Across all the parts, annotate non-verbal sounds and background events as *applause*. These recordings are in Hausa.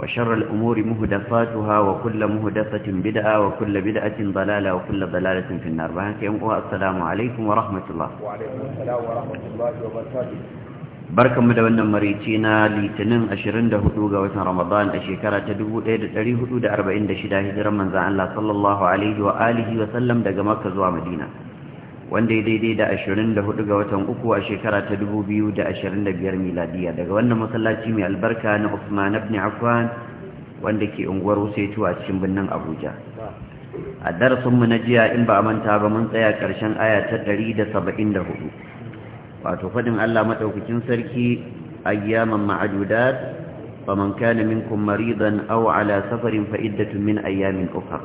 وشر الأمور مهدفاتها وكل مهدفة بدعة وكل بدعة ضلالة وكل ضلالة في النار السلام عليكم ورحمة الله وعليكم السلام ورحمة الله وبركاته barkan mu da wannan marici na litinin 24 ga watan ramadan a shekara ta 1446 hijiran manzan Allah sallallahu alaihi wa alihi wa sallam daga makka zuwa madina wanda ya daidai da 24 ga watan uku a shekara ta 2025 miladiya daga wannan masallaci mai albarka na Uthman ibn Affan wanda ke unguwar Husaito a cikin birnin Abuja a darasin mu na jiya in ba manta ba mun tsaya karshen aya ta 174 wato fadin Allah madaukakin sarki ayyaman ma'adudat faman kana minkum maridan aw ala safarin fa iddatun min ayyamin ukhra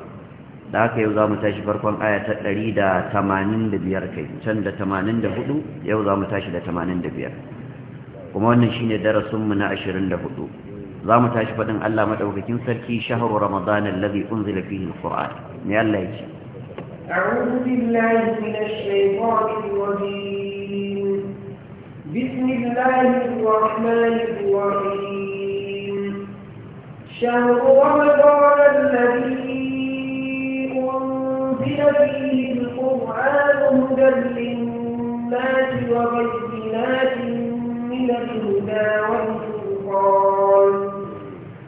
da haka yau za mu tashi farkon aya ta 185 kai can da 84 yau za mu tashi da 85 kuma wannan shine darasinmu na 24 za mu tashi faɗin Allah maɗaukakin sarki shahru ramadan alladhi unzila fihi alquran me Allah yake أعوذ بالله من الشيطان الرجيم بسم الله الرحمن الرحيم شهر رمضان الذي أنزل فيه القرآن هدى للناس وبينات من الهدى والفرقان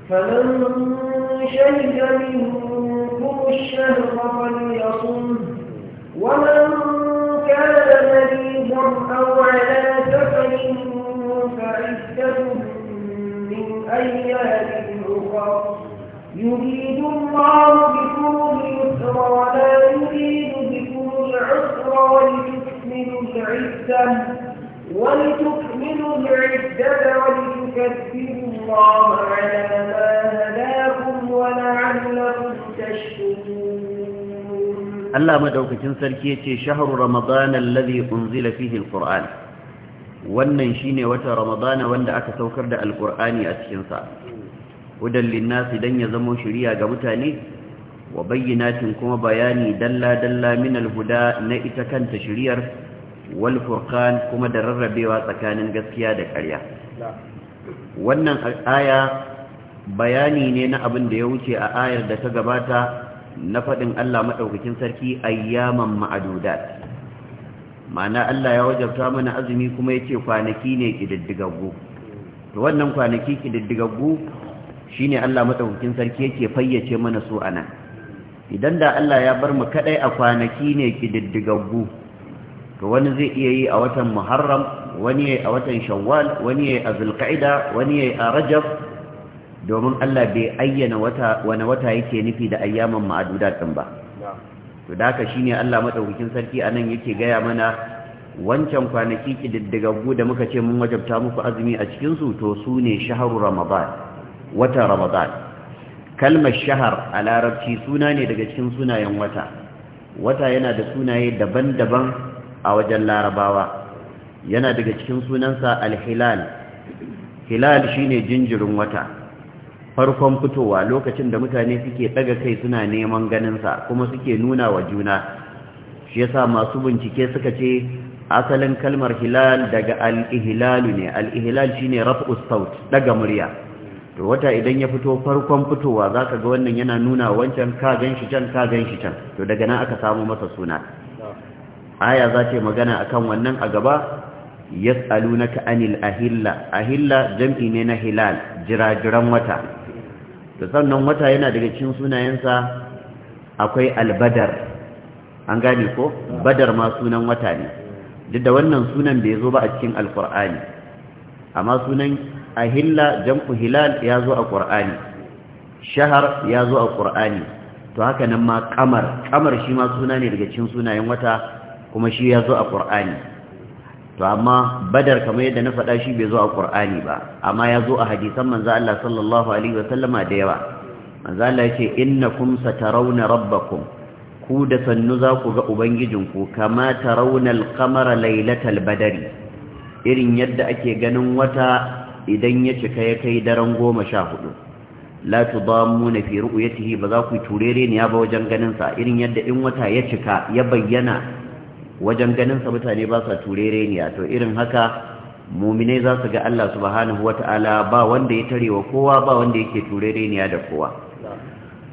فمن شهد منكم الشهر فليصم ومن كان مريضا أو على سفر فعدة من أيام أخرى يريد الله بكم اليسر ولا يريد بكم العسر ولتكملوا العدة ولتكملوا العدة ولتكبروا الله على ما هداكم ولعلكم تشكرون الله مدعوكتين سلكية شهر رمضان الذي أنزل فيه القرآن wannan shine رمضان ramadana wanda aka saukar hudan linnasi dan ya zama shiriya ga mutane wa bayyinatin kuma bayani dalla dalla min alhuda na ita kanta shiriyar wal furqan kuma da rarrabewa tsakanin gaskiya da ƙarya wannan aya bayani ne na abin da ya wuce a ayar da ta gabata na faɗin Allah madaukakin sarki ayyaman ma'adudat ma'ana Allah ya wajabta mana azumi kuma yace kwanaki ne kididdigaggu to wannan kwanaki kididdigaggu shine Allah madaukakin sarki yake fayyace mana su anan idan da Allah ya bar mu kadai a kwanaki ne kididdigaggu to wani zai iya yi a watan Muharram wani yayi a watan Shawwal wani yayi a Zulqa'ida wani yayi a Rajab domin Allah bai ayyana wata wani wata yake nufi da ayyaman ma'adudat din ba to da haka shine Allah madaukakin sarki anan yake gaya mana wancan kwanaki kididdigaggu da muka ce mun wajabta muku azumi a cikinsu to su ne shaharu ramadan watan ramadan kalmar shahar a larabci suna ne daga cikin sunayen wata wata yana da sunaye daban-daban a wajen larabawa yana daga cikin sunansa alhilal hilal shine jinjirin wata farkon fitowa lokacin da mutane suke ɗaga kai suna neman ganinsa kuma suke nuna wa juna shi yasa masu bincike suka ce asalin kalmar hilal daga al ne al-ihlal shine raf'us saut daga murya to wata idan ya fito farkon fitowa za ka ga wannan yana nuna wancan ka gan shi can ka gan shi can to daga nan aka samu masa suna aya za ce magana a kan wannan a gaba a hila ahilla ahilla jam'i ne na hilal jirajiran wata Da sannan wata yana daga cikin sunayensa akwai albadar an gane ko badar ma sunan wata ne duk da wannan sunan bai zo ba a cikin alkur'ani amma sunan ahilla jam'u hilal ya zo a ƙur'ani shahar ya zo a ƙur'ani to haka nan ma ƙamar, ƙamar shi ma suna ne daga cikin sunayen wata kuma shi ya zo a ƙur'ani to amma badar kamar yadda na faɗa shi bai zo a ƙur'ani ba amma ya zo a hadisan manza Allah sallallahu alaihi wa sallama da yawa manzo Allah yace innakum satarawna rabbakum ku da sannu za ku ga ubangijinku kama tarawna al-qamara lailatal badri irin yadda ake ganin wata idan ya cika ya kai daren goma sha hudu la na fi ru'yatihi ba za ku turere ne ya ba wajen ganin sa irin yadda in wata ya cika ya bayyana wajen ganin sa mutane ba sa turere ne to irin haka mu'mine za su ga Allah subhanahu wata'ala ba wanda ya tarewa kowa ba wanda yake turere ne da kowa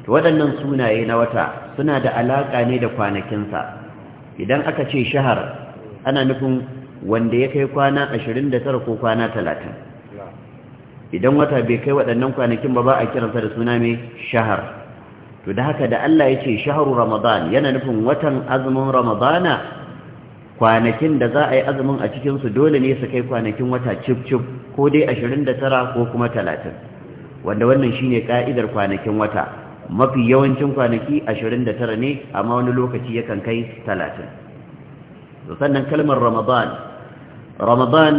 to waɗannan sunaye na wata suna da alaka ne da kwanakin sa idan aka ce shahar ana nufin wanda ya kai kwana ashirin da tara ko kwana talatin. idan wata bai kai waɗannan kwanakin ba ba a kiransa da suna mai shahar to da haka da Allah ya ce shaharu ramadan yana nufin watan azumin ramadana kwanakin da za a yi azumin a cikinsu dole ne su kai kwanakin wata cif-cif ko dai 29 ko kuma 30 wanda wannan shine ne ka'idar kwanakin wata mafi yawancin kwanaki 29 ne amma wani lokaci yakan kai 30 sannan kalmar ramadan ramadan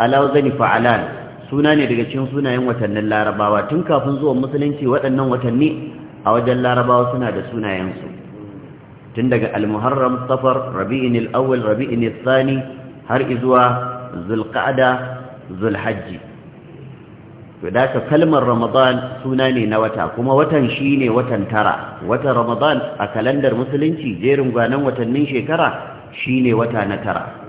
alawzani fa'alan suna ne daga cikin sunayen watannin larabawa tun kafin zuwan musulunci waɗannan watanni a wajen larabawa suna da sunayensu tun daga almuharram safar rabi'in al'awwal rabi'in al-thani har izuwa zulqa'da zulhajji to da ka kalmar ramadan suna ne na wata kuma watan shi ne watan tara watan ramadan a kalandar musulunci jerin gwanan watannin shekara shi ne wata na tara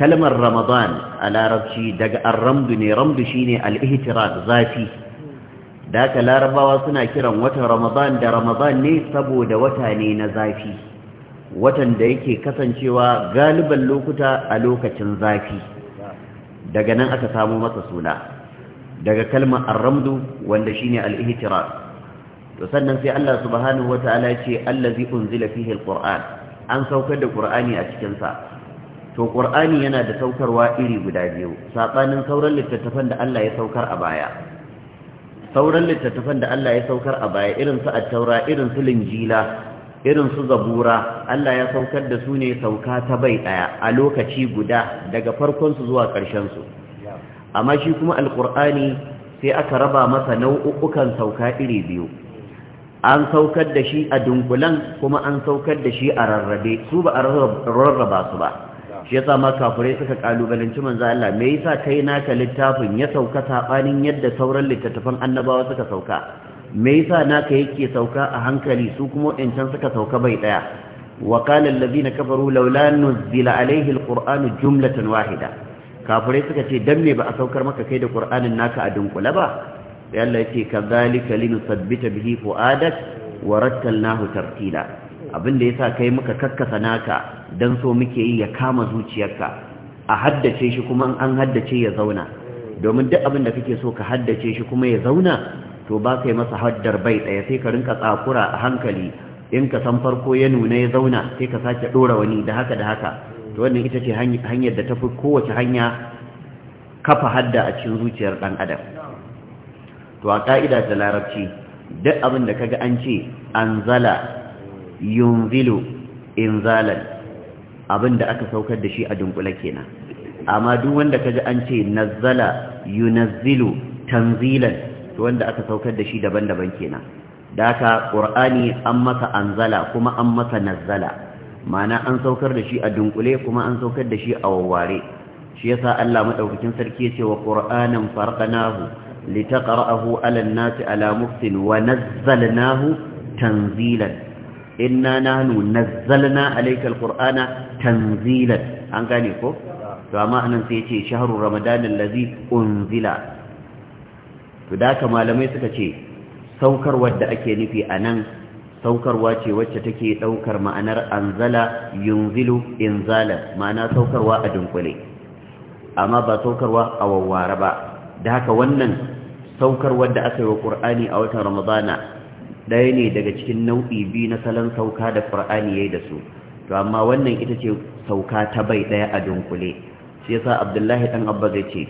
kalmar ramadan a larabci daga arramdu ne ramdu shine al-ihtiraq zafi da aka larabawa suna kiran watan ramadan da ramadan ne saboda wata ne na zafi watan da yake kasancewa galiban lokuta a lokacin zafi daga nan aka samu masa suna daga kalmar arramdu wanda shine al-ihtiraq to sannan sai Allah subhanahu wataala ya ce allazi unzila fihi al an saukar da qur'ani a cikin sa to ƙur'ani yana da saukarwa iri guda biyu sabanin sauran littattafan da Allah ya saukar a baya sauran littattafan da Allah ya saukar a baya irin su at-taura irin su linjila irin su zabura Allah ya saukar da su ne sauka ta bai ɗaya a lokaci guda daga farkon su zuwa ƙarshensu su amma shi kuma Alƙur'ani sai aka raba masa nau'ukan sauka iri biyu an saukar da shi a dunkulen kuma an saukar da shi a rarrabe su ba a rarraba su ba shi yasa ma kafirai suka kalubalanci manzo Allah me yasa kai naka littafin ya sauka sabanin yadda sauran littattafan annabawa suka sauka me yasa naka yake sauka a hankali su kuma wadancan suka sauka bai daya wa qala allazina kafaru laula nuzila alaihi alqur'anu jumlatan wahida kafirai suka ce dan me ba a saukar maka kai da qur'anin naka a dunkule ba sai Allah yake kadhalika linusabbita bihi fuadak wa rattalnahu tartila abin da yasa kai muka kakkasa naka don so muke yi ya kama zuciyarka a haddace shi kuma an haddace ya zauna domin duk abin da kake so ka haddace shi kuma ya zauna to ba ka masa haddar bai ɗaya sai ka rinka tsakura a hankali in ka san farko ya nuna ya zauna sai ka sake ɗora wani da haka da haka to wannan ita ce hanyar da ta fi kowace hanya kafa hadda a cikin zuciyar ɗan adam to a ƙa'ida ta larabci duk abin da kaga an ce anzala yunzilu inzalan abin da aka saukar da shi a dunkule kenan amma duk wanda kaji an ce nazzala yunazzilu tanzilan to wanda aka saukar da shi daban-daban kenan da ka qur'ani an masa anzala kuma an masa nazzala ma'ana an saukar da shi a dunkule kuma an saukar da shi a wawware shi yasa Allah madaukakin sarki yace wa qur'anan farqanahu litaqra'ahu 'ala an-nasi 'ala muftin wa nazzalnahu tanzilan inna nahnu nazzalna alayka alqur'ana tanzilan an gane ko to amma anan sai yace shahrur ramadan allazi unzila to da malamai suka ce saukarwar da ake nufi anan saukarwa ce wacce take daukar ma'anar anzala yunzilu inzala ma'ana saukarwa a dunkule amma ba saukarwa a wawware ba da haka wannan saukarwar da aka yi wa qur'ani a watan ramadana ɗaya ne daga cikin nau'i biyu na salon sauka da ƙur'ani ya yi da su to amma wannan ita ce sauka ta bai ɗaya a dunkule shi sa abdullahi ɗan abba zai ce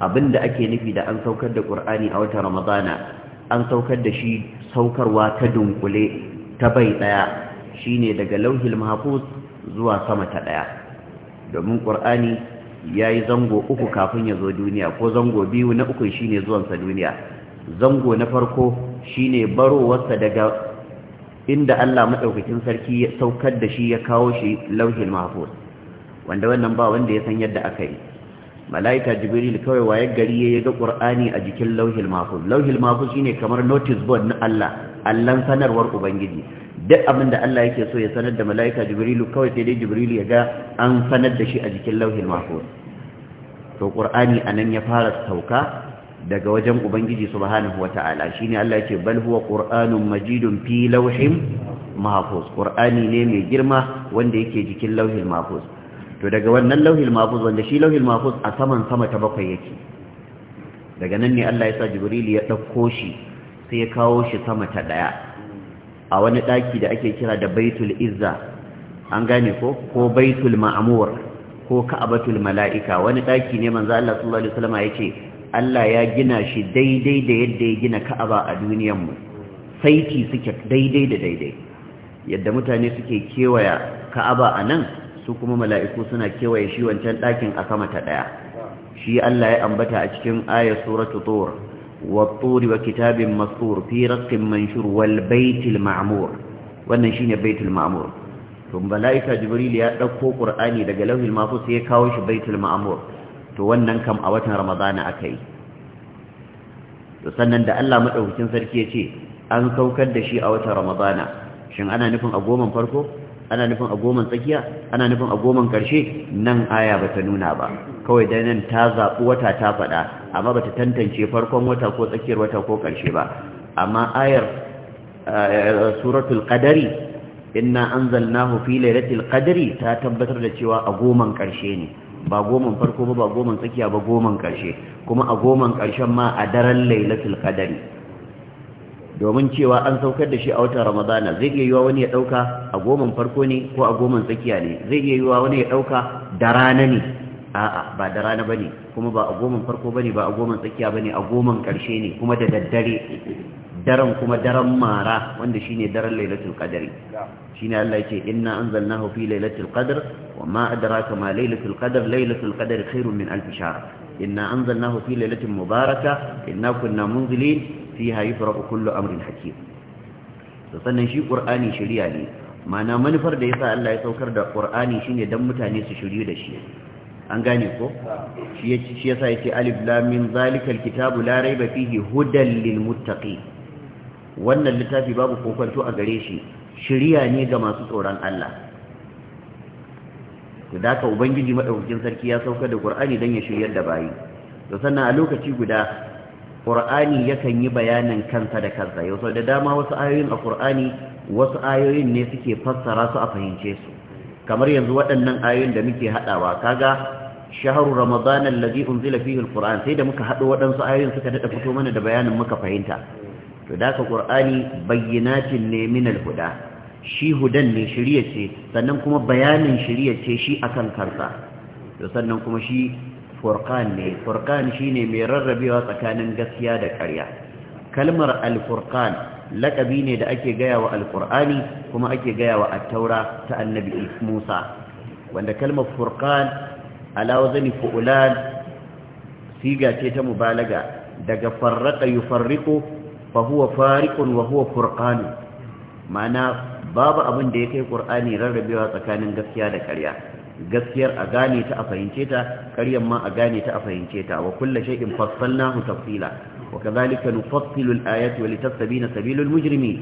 abin da ake nufi da an saukar da ƙar'ani a wata ramadana an saukar da shi saukarwa ta dunkule ta bai ɗaya shi ne daga lauhil mahfuz zuwa sama ta ɗaya domin ƙur'ani ya yi zango uku kafin ya zo duniya ko zango biyu na uku shine zuwansa duniya zango na farko Shi ne barowarsa daga inda Allah maɗaukakin sarki ya saukar da shi ya kawo shi lauhin mahfuz wanda wannan ba wanda ya san yadda aka yi malaika jibril kawai waye gari ya ga ƙur'ani a jikin lauhin lauhil Lauhin lauhil shi ne kamar notice board na Allah allan sanarwar ubangiji duk abin da Allah yake so ya sanar da malaika jibril kawai sai dai jibrilu ya ga an sanar da shi a jikin lauhin mahfuz to qur'ani anan ya fara sauka daga wajen ubangiji subhanahu wata'ala shine Allah yake bal huwa qur'anun majidun fi lawhin mahfuz qur'ani ne mai girma wanda yake jikin lauhin mahfuz to daga wannan lauhin mahfuz wanda shi lauhin mahfuz a saman sama ta bakwai yake daga nan ne Allah ya sa Jibril ya dauko shi sai ya kawo shi sama ta daya a wani daki da ake kira da Baitul Izza an gane ko ko Baitul Ma'mur ko Ka'batul Mala'ika wani daki ne manzo Allah sallallahu alaihi wasallam yake Allah ya gina shi daidai da yadda ya gina ka'aba a duniyanmu saiti suke daidai da daidai yadda mutane suke kewaya ka'aba a nan su kuma mala'iku suna kewaye shi wancan ɗakin a sama ta ɗaya shi Allah ya ambata a cikin ayar suratu tur watturi wa kitabin mastur fi raqin manshur wal ma'mur wannan shine baitul ma'mur to mala'ika jibril ya ɗauko ƙur'ani daga masu mahfuz ya kawo shi baitul ma'mur to wannan kam a watan ramadana aka yi to sannan da Allah maɗaukacin sarki ya ce an saukar da shi a watan ramadana shin ana nufin a goman farko ana nufin a goman tsakiya ana nufin a goman karshe nan aya ba ta nuna ba kawai da nan ta zaɓi wata ta faɗa amma ba ta tantance farkon wata ko tsakiyar wata ko karshe ba amma ayar eh, suratul qadari inna anzalnahu fi lailatul qadri ta tabbatar da cewa a goman karshe ne ba goman farko ba ba goman tsakiya ba goman ƙarshe kuma a goman ƙarshen ma a daren lailatul qadari domin cewa an saukar da shi a watan ramadana zai iya yiwa wani ya ɗauka a goman farko ne ko a goman tsakiya ne zai iya yiwa wani ya ɗauka da rana ne a'a ba da rana bane kuma ba a goman farko bane ba a goman tsakiya bane a goman ƙarshe ne kuma da daddare daren kuma daren mara wanda shine daren lailatul qadri shine Allah yake inna anzalnahu fi lailatul qadr wama adraka ma lailatul qadr lailatul qadri khairun min alf shahr inna anzalnahu fi lailatin mubaraka inna kunna munzilin fiha yufraqu kullu amrin hakim to sannan shi qur'ani shari'a ne mana manufar da yasa Allah ya saukar da qur'ani shine dan mutane su shiryu da shi an gane ko shi yasa yake alif lam min zalikal kitabu la raiba fihi hudan lil muttaqin wannan littafi babu kokonto a gare shi shirya ne ga masu tsoron Allah to da ka ubangiji madaukakin sarki ya sauka da qur'ani dan ya shiryar da bayi to sannan a lokaci guda qur'ani yakan yi bayanin kansa da kansa yau sau da dama wasu ayoyin a qur'ani wasu ayoyin ne suke fassara su a fahimce su kamar yanzu waɗannan ayoyin da muke haɗawa kaga shahru ramadan alladhi unzila fihi alquran sai da muka haɗo waɗansu ayoyin suka dada fito mana da bayanin muka fahimta to da ka ƙur'ani bayyanatin ne min shi hudan ne shirya ce sannan kuma bayanin shirya ce shi akan karsa. to sannan kuma shi furkan ne shi shine mai rarrabewa tsakanin gaskiya da ƙarya kalmar alfurkan laƙabi ne da ake gaya wa alƙur'ani kuma ake gaya wa attaura ta annabi musa wanda kalmar furkan alawa fu'ulan siga ce ta mubalaga daga farraka yufarriqu fa huwa fariqun wa huwa furqan ma'ana babu abin da ya kai qur'ani rarrabewa tsakanin gaskiya da ƙarya gaskiyar a gane ta a fahimce ta ƙaryar ma a gane ta a fahimce ta wa kullu shay'in fassalnahu tafsila wa kadhalika nufassilu al-ayati wa litasbina sabilul mujrimin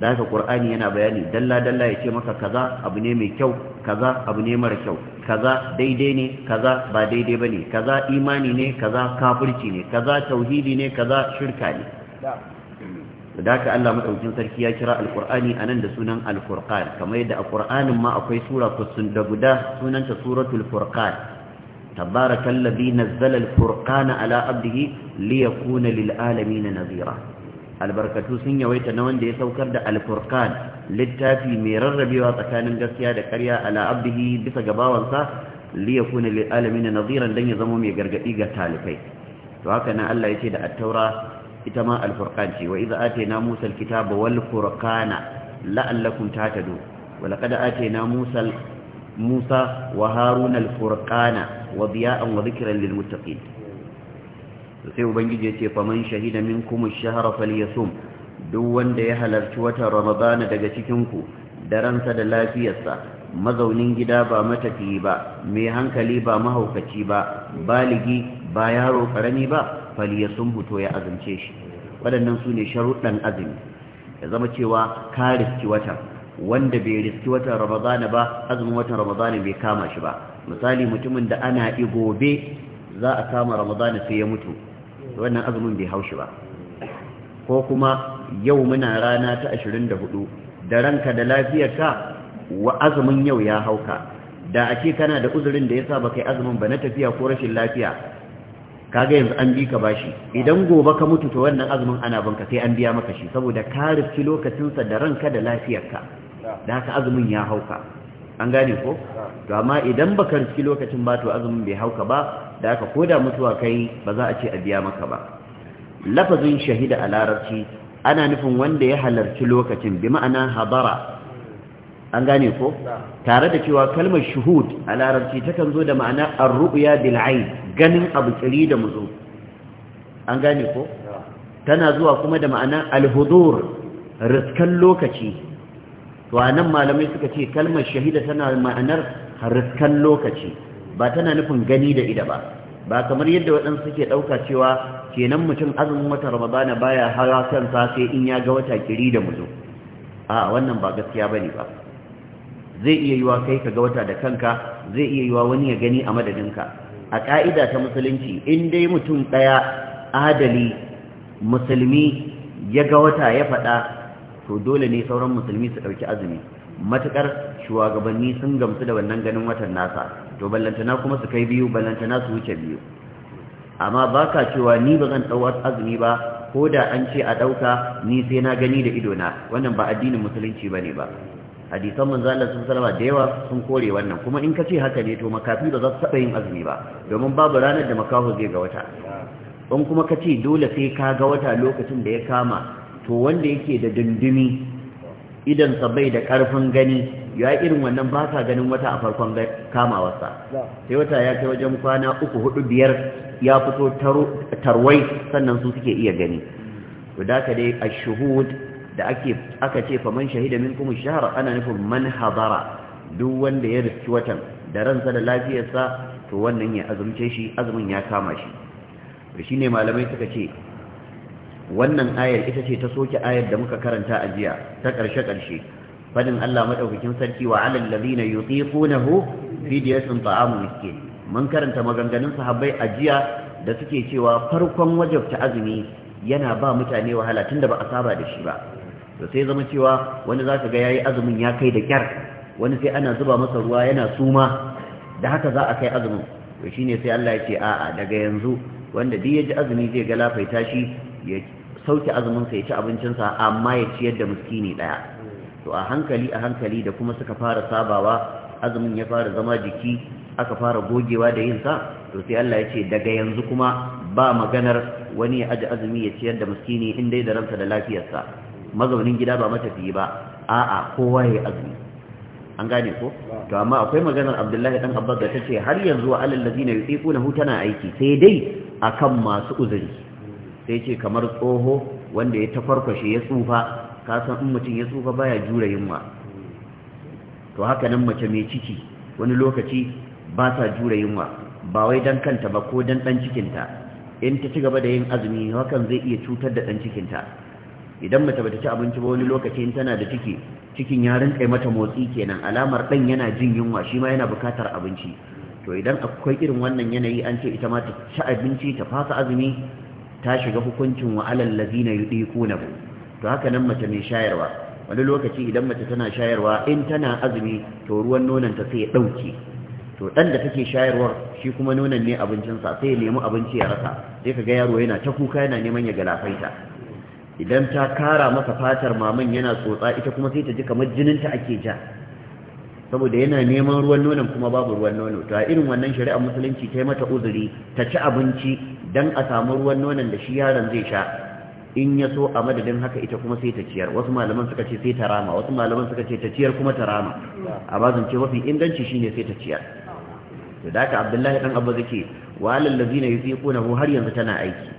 da ka qur'ani yana bayani dalla-dalla ya ce maka kaza abu ne mai kyau kaza abu ne mara kyau kaza daidai ne kaza ba daidai bane kaza imani ne kaza kafirci ne kaza tauhidi ne kaza shirka ne da haka Allah madaukin sarki ya kira alqur'ani anan da sunan alfurqan kamar yadda a qur'anin ma akwai sura kusun da guda sunanta suratul furqan tabarakallazi nazzala alfurqana ala abdihi liyakuna lilalamin nazira albarkatu sun yawaita na wanda ya saukar da alfurqan littafi mai rarrabewa tsakanin gaskiya da ƙarya ala abdihi bisa gabawansa liyakuna lilalamin naziran dan ya zama mai gargadi ga talibai to haka nan Allah ce da at-taura ita ma alfurqan ce wa idza atayna musa alkitaba wal furqana la'allakum tahtadu wa laqad atayna musa musa wa haruna alfurqana wa diya'an wa dhikran lil muttaqin sai ubangiji yace faman shahida min ash-shahra falyasum duk wanda ya halarci watan ramadana daga cikin ku da ransa da lafiyarsa mazaunin gida ba matafi ba mai hankali ba mahaukaci ba baligi ba yaro karami ba fali ya sun buto ya azumce shi waɗannan su ne sharuɗan azumi ya zama cewa ka riski watan wanda bai riski watan ramadana ba azumin watan ramadana bai kama shi ba misali mutumin da ana gobe za a kama ramadana sai ya mutu wannan azumin bai haushi ba ko kuma yau muna rana ta 24 da hudu. Da ranka da lafiyarka wa azumin yau ya hauka da ake kana da uzurin da ya sa baka yi azumin ba na tafiya ko rashin lafiya kaga yanzu an bi ka bashi idan gobe ka mutu to wannan azumin ana banka sai an biya maka shi saboda ka lokacin sa da ranka da lafiyarka da haka azumin ya hauka an gane ko to amma idan baka rufi lokacin ba to azumin bai hauka ba da haka koda mutuwa kai ba za a ce a biya maka ba lafazin shahida a larabci ana nufin wanda ya halarci lokacin bi ma'ana habara an gane ko tare da cewa kalmar shuhud a larabci takan zo da ma'ana ar bil ayn ganin abu tsiri da muzo an gane ko tana zuwa kuma da ma'ana al-hudur riskan lokaci to anan malamai suka ce kalmar shahida tana ma'anar riskan lokaci ba tana nufin gani da ida ba ba kamar yadda waɗansu suke ɗauka cewa kenan mutum azumin wata ramadana baya hawa kan sai in ya ga wata kiri da muzo a wannan ba gaskiya bane ba zai iya yiwa kai ka ga wata da kanka zai iya yiwa wani ya gani a madadinka a ƙa'ida ta musulunci in dai mutum ɗaya adali musulmi ya ga wata ya faɗa to dole ne sauran musulmi su ɗauki azumi matuƙar shugabanni sun gamsu da wannan ganin watan nasa to ballantana kuma su kai biyu ballantana su wuce biyu amma ba ka cewa ni ba zan ɗau azumi ba ko da an ce a ɗauka ni sai na gani da idona wannan ba addinin musulunci ba ne ba hadisan manzo Allah sun salama da yawa sun kore wannan kuma in kace haka ne to makafi ba za su taɓa yin azumi ba domin babu ranar da makaho zai ga wata in kuma kace dole sai ka ga wata lokacin da ya kama to wanda yake da dundumi sa bai da karfin gani ya irin wannan ba sa ganin wata a farkon kamawarsa sai wata ya kai wajen kwana uku hudu biyar ya fito tarwai sannan su suke iya gani to da ka dai ashuhud da ake aka ce faman shahida minkum ash-shahr ana nufin man hadara duk wanda ya riski watan da ransa da lafiyarsa to wannan ya azumce shi azumin ya kama shi to shine malamai suka ce wannan ayar ita ce ta soke ayar da muka karanta a jiya ta karshe karshe fadin Allah madaukakin sarki wa alal ladina yutiqunahu fidyatun ta'am miskin mun karanta maganganun sahabbai a jiya da suke cewa farkon wajabta azumi yana ba mutane wahala tunda ba a saba da shi ba to sai zama cewa wani za ka ga yi azumin ya kai da kyar wani sai ana zuba masa ruwa yana suma da haka za a kai azumin to shine sai Allah ya ce a'a daga yanzu wanda duk ya ji azumi zai ga lafaita shi ya sauke azumin sa ya ci abincinsa amma ya ciyar da miskini daya to a hankali a hankali da kuma suka fara sabawa azumin ya fara zama jiki aka fara gogewa da yin sa to sai Allah ya ce daga yanzu kuma ba maganar wani ya aji azumi ya ciyar da miskini in dai da ransa da lafiyarsa mazaunin gida ba matafiyi ba a'a kowa ya azumi an gane ko to amma akwai maganar Abdullahi dan Abbas da tace har yanzu wa alal ladina yuqifuna hu tana aiki sai dai akan masu uzuri sai ce kamar tsoho wanda ya tafarkashe ya tsufa ka san in mutum ya tsufa baya jura yunwa to haka nan mace mai ciki wani lokaci ba sa jura yunwa ba wai dan kanta ba ko dan dan cikinta in ta ci gaba da yin azumi hakan zai iya cutar da dan cikinta idan mace bata ci abinci ba wani lokaci in tana da ciki cikin ya rinka mata motsi kenan alamar dan yana jin yunwa shi ma yana bukatar abinci to idan akwai irin wannan yanayi an ce ita ma ta ci abinci ta fasa azumi ta shiga hukuncin wa alal ladina yudiqunahu to haka nan mace mai shayarwa wani lokaci idan mace tana shayarwa in tana azumi to ruwan nonon ta sai ya dauke to dan da take shayarwar shi kuma nonon ne abincinsa sai ya nemi abinci ya rasa sai kaga yaro yana ta kuka yana neman ya galafaita idan ta kara masa fatar maman yana tsotsa ita kuma sai ta ji kamar jininta ake ja saboda yana neman ruwan nonon kuma babu ruwan nono to a irin wannan shari'ar musulunci ta mata uzuri ta ci abinci dan a samu ruwan nonon da shi yaron zai sha in ya so a madadin haka ita kuma sai ta ciyar wasu malaman suka ce sai ta rama wasu malaman suka ce ta ciyar kuma ta rama a ce mafi inganci shine sai ta ciyar to da haka abdullahi dan abba zake walal ladina yusiquna har yanzu tana aiki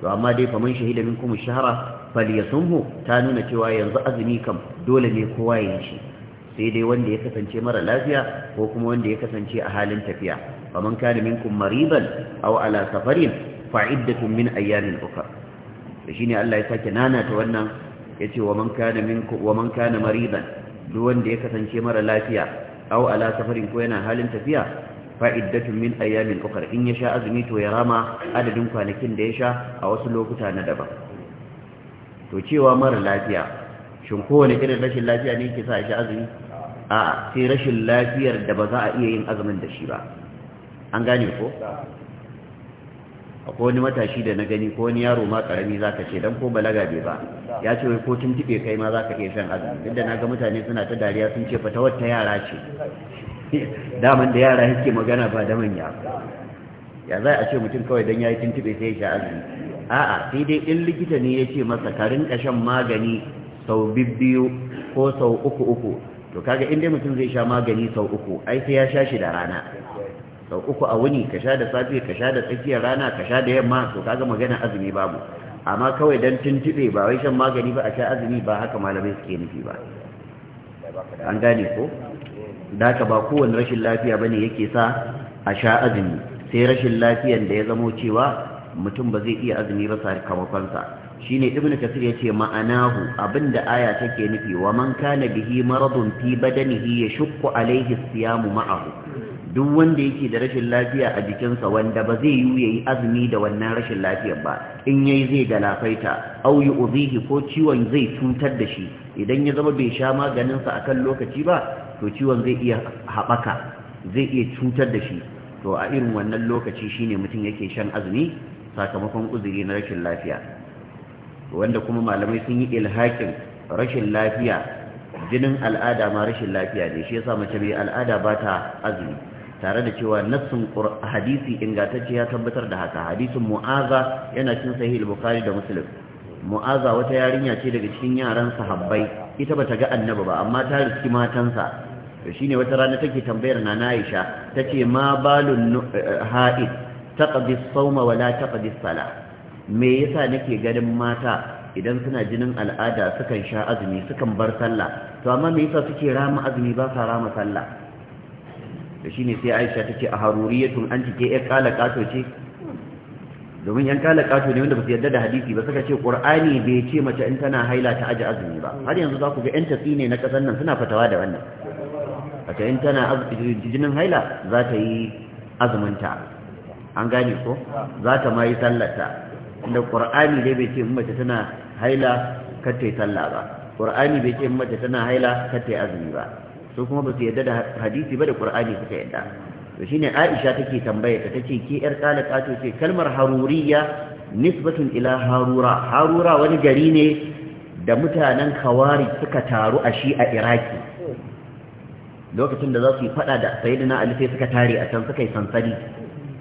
to amma dai faman shahida minkum shahara falyasumhu ta nuna cewa yanzu azumi kam dole ne kowa ya yi shi sai dai wanda ya kasance mara lafiya ko kuma wanda ya kasance a halin tafiya faman kana minkum mariban aw ala safarin fa iddatun min ayyamin ukhra to shine Allah ya sake nana ta wannan yace wa man kana minkum wa man kana mariban duk wanda ya kasance mara lafiya aw ala safarin ko yana halin tafiya fa'iddatun min ayyamin ukar in ya sha azumi to ya rama adadin kwanakin da ya sha a wasu lokuta na daban to cewa mara lafiya shin kowane irin rashin lafiya ne ke sa ya sha azumi a sai rashin lafiyar da ba za a iya yin azumin da shi ba an gane ko wani matashi da na gani ko wani yaro ma karami zaka ce dan ko balaga bai ba ya ce wai ko tun kai ma zaka iya shan azumi duk da na ga mutane suna ta dariya sun ce fa ta wata yara ce *laughs* daman da yara yake magana ba da manya ya za a ce mutum kawai don ya yi tuntube sai ya sha azumi a'a sai dai in likita ne ya ce masa ka rinka shan magani sau bibbiyu ko sau uku uku to kaga in dai mutum zai sha magani sau uku ai sai ya sha shi da rana sau uku a wuni ka sha da safe ka sha da tsakiyar rana ka sha da yamma to kaga magana azumi babu amma kawai don tuntube ba wai shan magani ba a sha azumi ba haka malamai suke nufi ba an gane ko da ka ba kowane rashin lafiya ne yake sa a sha azumi sai rashin lafiyan da ya zamo cewa mutum ba zai iya azumi ba sakamakonsa shine ibnu kasir yace ma'anahu abinda aya take nufi wa man kana bihi maradun fi badanihi shukku alayhi as ma'ahu duk wanda yake da rashin lafiya a jikinsa wanda ba zai yi yayi azumi da wannan rashin lafiyar ba in yayi zai galafaita au yu'zihi ko ciwon zai cutar da shi idan ya zama bai sha maganin sa akan lokaci ba to ciwon zai iya haɓaka zai iya cutar da shi to a irin wannan lokaci shi ne mutum yake shan azumi sakamakon uzuri na rashin lafiya wanda kuma malamai sun yi ilhakin rashin lafiya jinin al'ada ma rashin lafiya ne shi yasa mace mai al'ada ba ta azumi tare da cewa nassun hadisi ingantacce ya tabbatar da haka hadisin mu'aza yana cikin sahih bukhari da muslim mu'aza wata yarinya ce daga cikin yaran sahabbai ita bata ga annabi ba amma ta riski matansa shine wata rana take tambayar na Aisha tace ma balun ha'id taqdi as-sawma wa la taqdi as-salah me yasa nake ganin mata idan suna jinin al'ada sukan sha azumi sukan bar sallah to amma me yasa suke rama azumi ba sa rama sallah to shine sai Aisha tace a haruriyatun an tike ya kala kato ce domin yan kala kato ne wanda ba su yarda da hadisi ba suka ce qur'ani bai ce mace in tana haila ta aji azumi ba har yanzu za ku ga yan tafi ne na kasan nan suna fatawa da wannan wata in tana jinin haila za ta yi azuminta an gane ko za ta ma yi sallarta inda ƙur'ani dai bai ce mace tana haila kar ta yi ba ƙur'ani bai ce mace tana haila kar yi azumi ba su kuma ba su yadda da hadisi ba da ƙur'ani suka yadda to ne Aisha take tambaya ta tace ke yar kalaka to ce kalmar haruriya nisbatun ila harura harura wani gari ne da mutanen kawari suka taru a shi a iraki lokacin da za su yi fada da sayidina ali sai suka tare a can suka yi sansani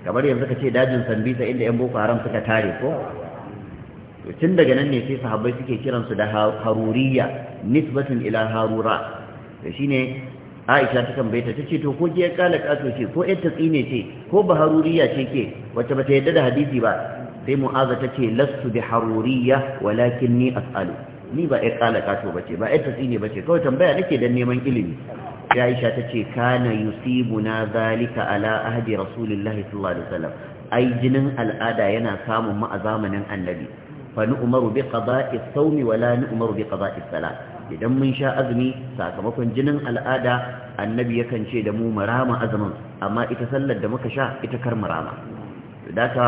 kamar yanzu ka ce dajin sambisa inda yan boko haram suka tare ko to tun daga nan ne sai sahabbai suke kiransu da haruriya nisbatin ila harura to shine Aisha ta tambaye ta ce to ko ke kala kaso ce ko yar tsine ce ko haruriya ce ke wacce ba ta yadda da hadisi ba sai Mu'aza ta ce lastu bi haruriya walakinni as'alu ni ba yar kala kaso bace ba yar tatsine bace kawai tambaya nake dan neman ilimi sai aisha ta ce kana na zalika ala ahadi rasulillahi sallallahu alaihi wasallam ai jinin al'ada yana samun mu a zamanin annabi fa nu'maru bi qada'i sawmi wa la nu'maru bi qada'i salat idan mun sha azumi sakamakon jinin al'ada annabi yakan ce da mu marama azumin amma ita sallar da muka sha ita kar marama ta,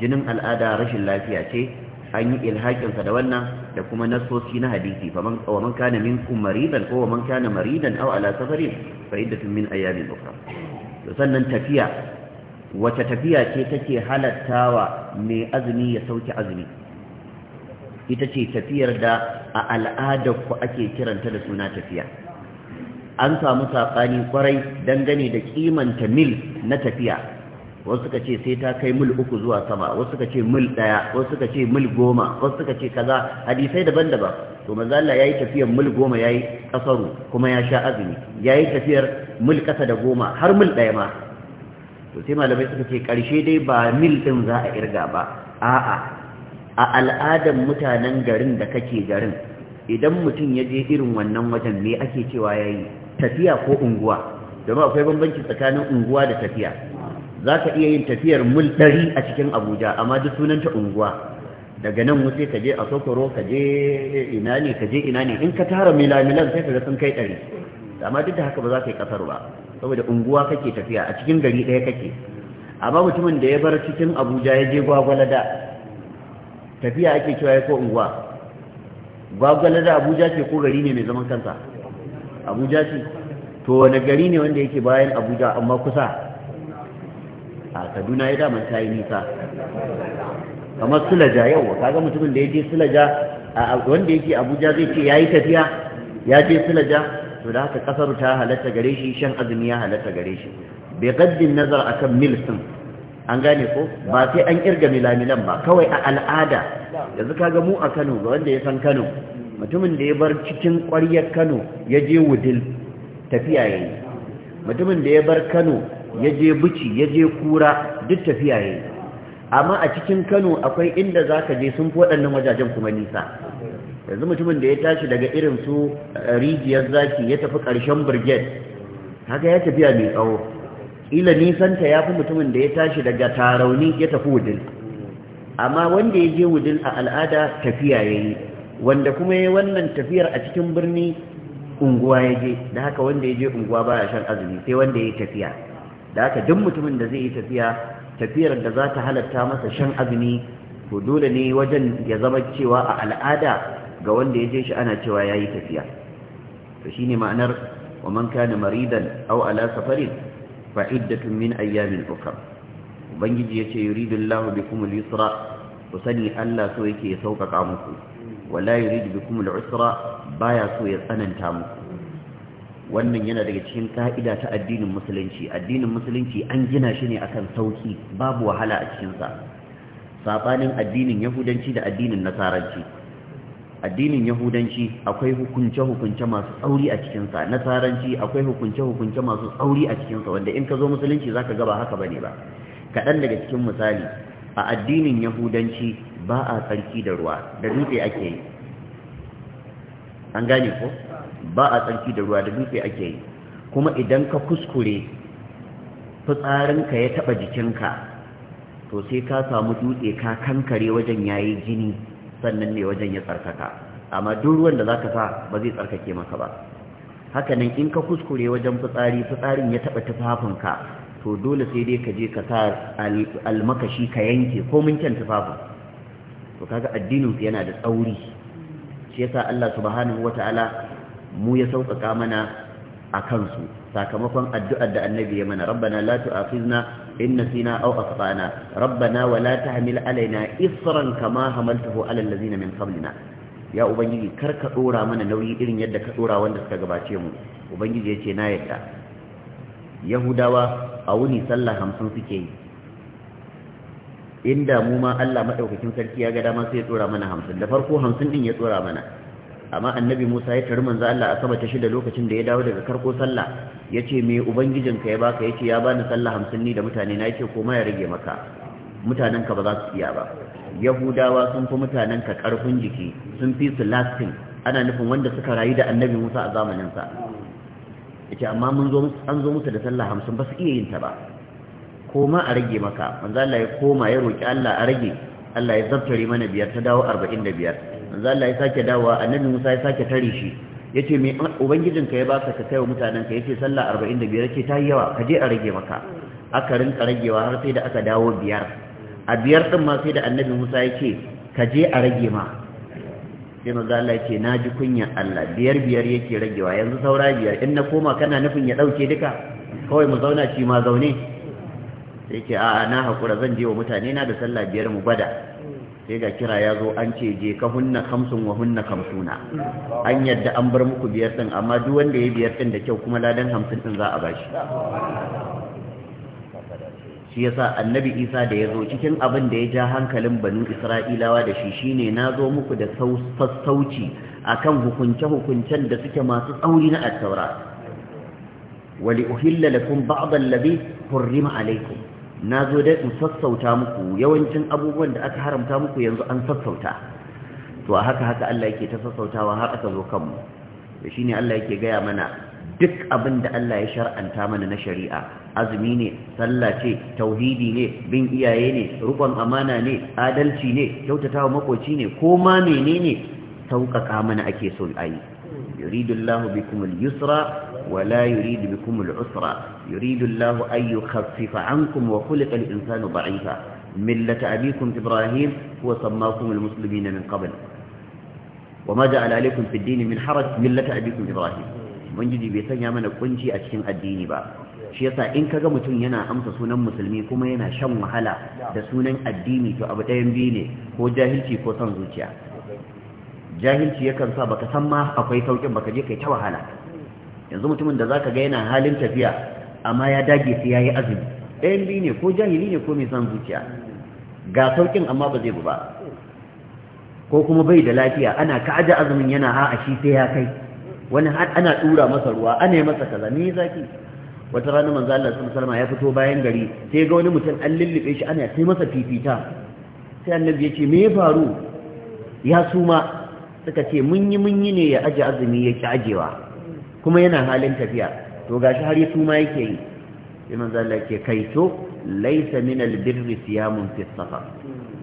jinin al'ada rashin lafiya ce an yi ilhakinsa da wannan da kuma nasosi na hadisi faman wa man kana minkum maridan ko wa man kana maridan aw ala safarin fa iddatun min ayamin ukhra sannan tafiya wace tafiya ce take halattawa mai azumi ya sauke azumi ita ce tafiyar da a al'adar ku ake kiranta da suna tafiya an samu saɓani kwarai dangane da kimanta mil na tafiya wasu suka ce sai ta kai mil uku zuwa sama wasu suka ce mil daya wasu suka ce mil goma wasu suka ce kaza hadisai daban-daban to manzo Allah yayi tafiyar mil goma yayi kasaru kuma ya sha azumi yayi tafiyar mil kasa da goma har mil daya ma to sai malamai suka ce karshe dai ba mil din za a irga ba a'a a al'adan mutanen garin da kake garin idan mutum ya je irin wannan wajen me ake cewa yayi tafiya ko unguwa domin akwai bambanci tsakanin unguwa da tafiya za ka iya yin tafiyar mil ɗari a cikin abuja amma duk sunanta unguwa daga nan wuce ka je a sokoro ka je ina ne ka je ina ne in ka tara milamilan sai ka ga sun kai ɗari amma duk da haka ba za ka yi ƙasar ba saboda unguwa kake tafiya a cikin gari ɗaya kake amma mutumin da ya bar cikin abuja ya je gwagwalada tafiya ake cewa ya ko unguwa gwagwalada abuja ce ko gari ne mai zaman kansa abuja ce to wani gari ne wanda yake bayan abuja amma kusa a kaduna ya damar ta yi nisa kamar sulaja yau kaga mutumin da ya je sulaja wanda yake abuja zai ce ya yi tafiya ya je sulaja to da haka kasar ta halatta gare shi shan azumi ya halatta gare shi bai gaddin nazar a kan mil sun an gane ko ba sai an kirga milamilan ba kawai a al'ada yanzu kaga mu a kano ga wanda ya san kano mutumin da ya bar cikin ƙwaryar kano ya je wudil tafiya ya yi mutumin da ya bar kano ya je buci ya je kura duk tafiya ya yi amma a cikin kano akwai inda za ka je sun fi waɗannan wajajen kuma nisa yanzu mutumin da ya tashi daga irin su eh, rijiyar zaki ya tafi ƙarshen birged haka ya tafiya mai tsawo ila nisanta ya fi mutumin da ya tashi daga tarauni ya tafi wudil amma wanda ya je wudil a al'ada tafiya ya yi wanda kuma ya wannan tafiyar a cikin birni unguwa ya je da haka wanda ya je unguwa ba shan azumi sai wanda ya yi tafiya da haka duk mutumin da zai yi tafiya tafiyar da za ta halatta masa shan azumi to dole ne wajen ya zama cewa a al'ada ga wanda ya je shi ana cewa ya yi tafiya to shi ne ma'anar wa man kana maridan aw ala safarin fa iddatun min ayyamin ukhra ubangiji yace yuridu Allahu bikum al-yusra ku sani Allah so yake ya sauƙaƙa muku wala yuridu bikum al-usra baya so ya tsananta muku wannan yana daga cikin ka'ida ta addinin musulunci addinin musulunci an gina shi ne akan sauki babu wahala a cikinsa saɓanin addinin yahudanci da addinin nasaranci addinin yahudanci akwai hukunce-hukunce masu tsauri a cikinsa nasaranci akwai hukunce-hukunce masu tsauri a cikinsa wanda in ka zo musulunci za ka ba haka ne ba kaɗan daga cikin misali a addinin yahudanci ba a tsarki da ruwa da dutse ake yi an gane ko ba a tsarki da ruwa da dutse ake yi kuma idan ka kuskure fitsarinka ya taɓa jikinka to sai ka samu dutse ka kankare wajen yayi jini sannan ne wajen ya tsarkaka amma duk ruwan da za ka sa ba zai tsarkake maka ba Haka nan in ka kuskure wajen fitsari fitsarin ya taɓa tufafinka to dole sai dai ka je ka sa almakashi ka yanke ko mintan tufafin to kaga addinin ku yana da tsauri shi yasa Allah subhanahu wataala mu ya sauƙaƙa mana a kansu sakamakon addu'ar da annabi ya mana rabbana la tu'akhizna in nasina aw akhtana rabbana wa la tahmil alaina isran kama hamaltahu ala allazina min qablina ya ubangiji kar ka dora mana nauyi irin yadda ka dora wanda suka gabace mu ubangiji yace na yadda yahudawa a wuni sallah 50 suke yi inda mu ma Allah madaukakin sarki ya ga dama sai ya dora mana 50 da farko 50 din ya dora mana amma annabi Musa ya tari manzo Allah a saba ta shida lokacin da ya dawo daga karko sallah yace me ka ya baka yace ya bani sallah 50 ni da mutane na yake koma ya rage maka mutanen ka ba za su iya ba yahudawa sun fi mutanen ka karfin jiki sun fi su lasting ana nufin wanda suka rayu da annabi Musa a zamanin sa yace amma mun zo an zo musu da sallah 50 ba su iya yin ta ba koma a rage maka manzo Allah ya koma ya roki Allah a rage Allah ya zabtare mana biyar ta dawo 45 manzo Allah ya sake dawowa annabi Musa ya sake tare shi yace me ubangijinka ya baka ka kai wa mutanenka yace sallah 45 yace ta yi yawa ka je a rage maka aka rinka ragewa har sai da aka dawo biyar a biyar din ma sai da annabi Musa yace ka je a rage ma sai manzo Allah yace na ji kunyan Allah biyar biyar yake ragewa yanzu saura biyar in na koma kana nufin ya dauke duka kawai mu zauna ci ma zaune sai a'a na hakura zan je wa mutane na da sallah biyar mu bada sai ga kira ya zo an ce je ka hunna kamsun wa hunna kamsuna an yadda an bar muku biyar din amma duk wanda ya biyar din da kyau kuma ladan hamsin din za a ba shi yasa annabi isa da ya zo cikin abin da ya ja hankalin banu isra'ilawa da shi shine na zo muku da sassauci akan hukunce-hukuncen da suke masu tsauri na attaura wali uhilla lakum ba'd allazi hurrima alaikum na zo dai in sassauta muku yawancin abubuwan da aka haramta muku yanzu an sassauta to a haka haka Allah yake ta sassautawa har aka zo kanmu da shine Allah yake gaya mana duk abin da Allah ya shar'anta mana na shari'a azumi ne sallah ce tauhidi ne bin iyaye ne rukun amana ne adalci ne kyautatawa makoci ne ko ma menene sauƙaƙa mana ake so a yi يريد الله بكم اليسر ولا يريد بكم العسر يريد الله أن يخفف عنكم وخلق الإنسان ضعيفا ملة أبيكم إبراهيم هو سماكم المسلمين من قبل وما جعل عليكم في الدين من حرج ملة أبيكم إبراهيم من جدي بيسان يامن كنشي أشكين الدين با shi yasa in kaga mutum yana amsa sunan musulmi kuma yana shan wahala da sunan addini to abu ɗayan biyu ne ko jahilci ko son zuciya jahilci yakan sa baka san ma akwai saukin baka je kai ta wahala yanzu mutumin da zaka ga yana halin tafiya amma ya dage sai yayi azumi ɗayan biyu ne ko jahili ne ko mai san zuciya ga saukin amma ba zai bu ba ko kuma bai da lafiya ana ka ka'aja azumin yana ha a shi sai ya kai wani ana dura masa ruwa ana yi masa kaza ne zaki wata rana manzo Allah sallallahu alaihi ya fito bayan gari sai ga wani mutum an lullube shi ana sai masa fifita sai annabi ya ce me ya faru ya suma suka ce mun yi mun yi ne ya aji azumi ya ki ajewa kuma yana halin tafiya to gashi har ya tuma yake yi sai manzo Allah kai to laisa min albirri siyamun fi safa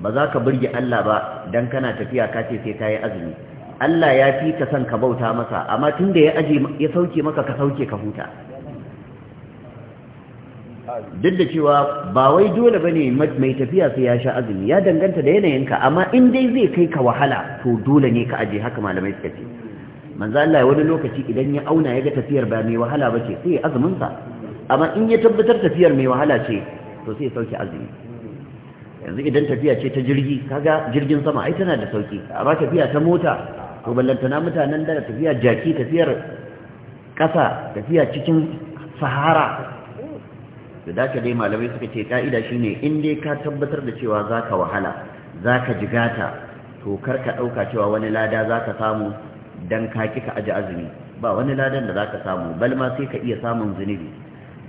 ba za ka burge Allah ba dan kana tafiya ka ce sai kai azumi Allah ya fi ka san ka bauta masa amma tunda ya aje ya sauke maka ka sauke ka huta duk da cewa ba wai dole ba ne mai tafiya sai ya sha azumi ya danganta da yanayinka amma in dai zai kai ka wahala to dole ne ka aje haka malamai suka ce manzo Allah wani lokaci idan ya auna ya ga tafiyar ba mai wahala ba ce sai azumin sa amma in ya tabbatar tafiyar mai wahala ce to sai ya sauke azumi yanzu idan tafiya ce ta jirgi kaga jirgin sama ai tana da sauki amma tafiya ta mota to ballantana mutanen da tafiya jaki tafiyar kasa tafiya cikin sahara da dace dai malamai suka ce ka'ida shine in dai ka tabbatar da cewa zaka wahala zaka jigata to kar ka dauka cewa wani lada zaka samu dan ka kika aji azumi ba wani ladan da zaka samu bal ma sai ka iya samun zunubi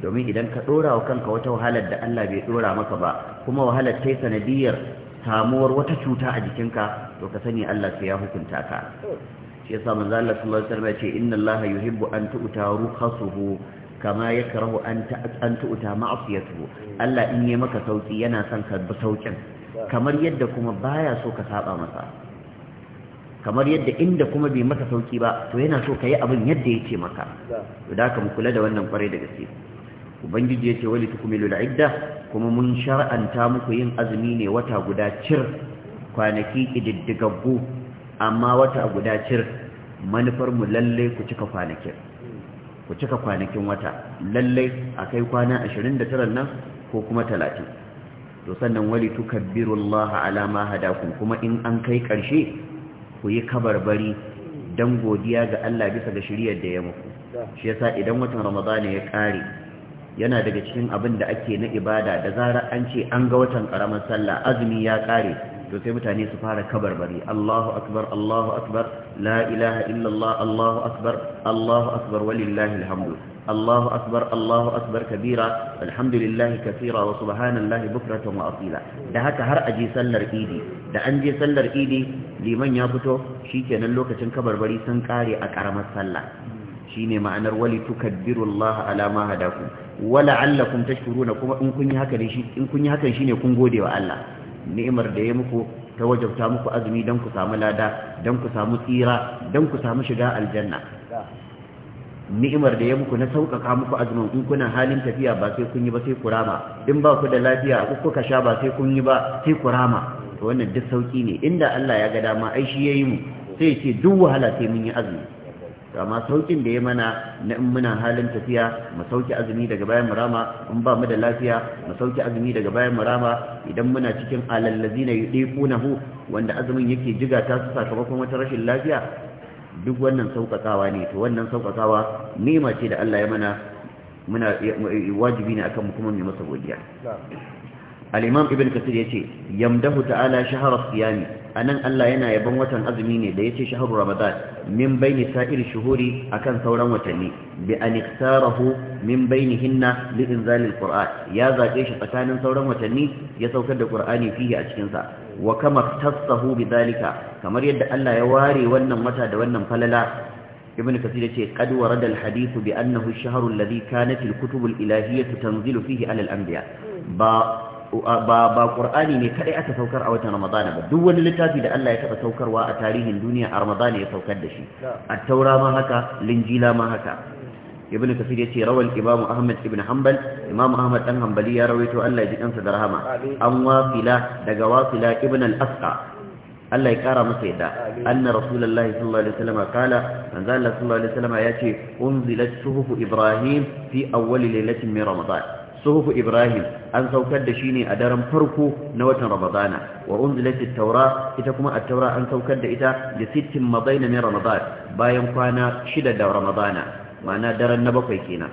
domin idan ka dora wa kanka wata wahalar da Allah bai dora maka ba kuma wahalar tai sanadiyar samuwar wata cuta a jikinka to ka sani Allah sai ya hukunta ka shi yasa manzo Allah sallallahu alaihi wasallam ya ce innallaha yuhibbu an tu'ta rukhasuhu kama ya karahu an tu'uta ma'asiyatu Allah in yi maka sauki yana son ka bi saukin kamar yadda kuma baya so ka saba masa kamar yadda inda kuma bai maka sauki ba to yana so ka yi abin yadda yake maka to da ka mu kula da wannan kwarai da gaske ubangiji ya ce wali tukumilu al'idda kuma mun shar'anta muku yin azumi ne wata guda cir kwanaki kididdigaggu amma wata guda cir manufar mu lalle ku cika kwanakin ku cika kwanakin wata lallai kai kwana 29 nan ko kuma 30 to sannan wali tukabbirullaha ala ma hadakum kuma in an kai karshe ku yi kabarbari dan godiya ga Allah bisa ga shiriyar da ya muku shi yasa idan watan ramadana ya kare yana daga cikin abin da ake na ibada da zarar an ce an ga watan karamar sallah azumi ya kare to sai mutane su fara kabarbari Allahu akbar Allahu akbar la ilaha illallah Allahu akbar Allahu akbar walillahi alhamdu Allahu akbar Allahu akbar kabira alhamdulillahi kaseera wa subhanallahi bukratan wa asila da haka har aje sallar idi da an je sallar idi liman ya fito shikenan lokacin kabarbari sun kare a karamar sallah shine ma'anar wali tukabbirullaha ala ma hadakum wala tashkuruna kuma in kun yi haka ne in kun yi hakan shine kun gode wa Allah ni'imar da ya muku ta wajabta muku azumi don ku samu lada don ku samu tsira don ku samu shiga aljanna ni'imar da ya muku na sauƙaƙa muku azumin in kuna halin tafiya ba sai kun yi ba sai ku rama in ba ku da lafiya ku kuka sha ba sai kun yi ba sai ku rama to wannan duk sauƙi ne inda Allah ya ga dama ai shi yayi mu sai ce duk wahala sai mun yi azumi amma saukin da ya mana na in muna halin tafiya mu sauki azumi daga bayan murama in ba mu da lafiya mu sauki azumi daga bayan murama idan muna cikin alallazina yudifunahu wanda azumin yake jiga ta su sakamakon wata rashin lafiya duk wannan saukakawa ne to wannan saukakawa nema ce da Allah ya mana muna wajibi ne akan mu kuma mu masa godiya alimam ibn kasir yace yamdahu ta'ala siyami a anan Allah yana yaban watan azumi ne da yace shaharar ramadan min baini sa'ir shuhuri akan sauran watanni bi an iktarahu min bainihinna Hinna li'in zalil quran ya zabe shi tsakanin sauran watanni ya saukar da qur'ani fihi a cikinsa, wa kama tassahu bidhalika kamar yadda Allah ya ware wannan wata da wannan falala ابن كثير يقول قد ورد الحديث بأنه الشهر الذي كانت الكتب tanzilu fihi فيه على الأنبياء با ba ba qur'ani ne kadai aka saukar a watan ramadana ba duk wani littafi da Allah ya taba saukarwa a tarihin duniya a ramadana ya saukar da shi a taura ma haka linjila ma haka ibn kasir yace rawal imam ahmad ibn hanbal imam ahmad dan hanbali ya rawaito Allah ya ji kansa da rahama an wafila daga wafila ibn al-asqa Allah ya kara masa yadda anna rasulullahi sallallahu alaihi wasallam kala manzo Allah sallallahu alaihi wasallam yace unzilat suhuf ibrahim fi awwal lailatin min ramadan suhufu ibrahim an saukar da shi ne a daren farko na watan ramadana wa unzilatit taura ita kuma at-taura an saukar da ita da sittin madaina min ramadan bayan kwana shida da ramadana ma'ana daren na bakwai kenan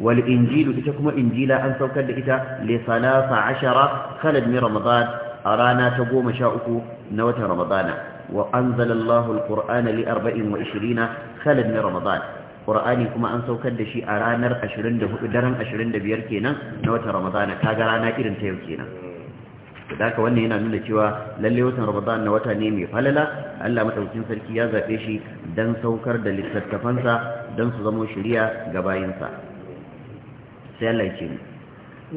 wal injilu ita kuma injila an saukar da ita li salasa ashara khalad min ramadan a rana ta goma sha uku na watan ramadana wa anzala al-qur'ana li arba'in wa ishirina khalad min ramadan qur'ani kuma an saukar da shi a ranar 24 daren 25 kenan na watan ramadana kaga rana irin ta yau kenan da wannan yana nuna cewa lalle watan ramadana na wata ne mai falala Allah madaukakin sarki ya zabe shi dan saukar da littattafansa dan su zamo shiriya ga bayinsa sai Allah ya ce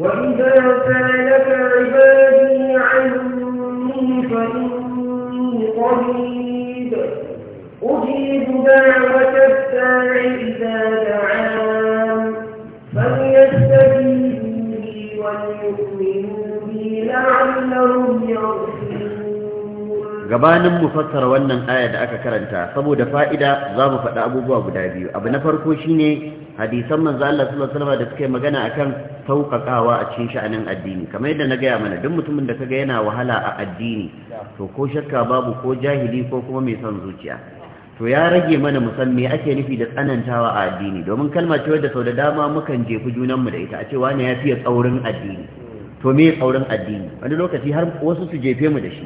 وَإِذَا سَأَلَكَ عِبَادِي عَنِّي فَإِنِّي قَرِيبٌ أجيب دعوة إذا دعان فليستجيبوا لي وليؤمنوا بي لعلهم gabanin mu fassara wannan aya da aka karanta saboda fa'ida za mu faɗi abubuwa guda biyu abu na farko shine hadisan manzo Allah sallallahu alaihi da suka yi magana kan sauƙaƙawa a cikin sha'anin addini kamar yadda na gaya mana duk mutumin da kaga yana wahala a addini to ko shakka babu ko jahili ko kuma mai son zuciya to ya rage mana musamman ake nufi da tsanantawa a addini domin kalma ce wadda sau da dama mukan jefi junanmu da ita a cewa ne ya fiye tsaurin addini to me tsaurin addini wani lokaci har wasu su jefe mu da shi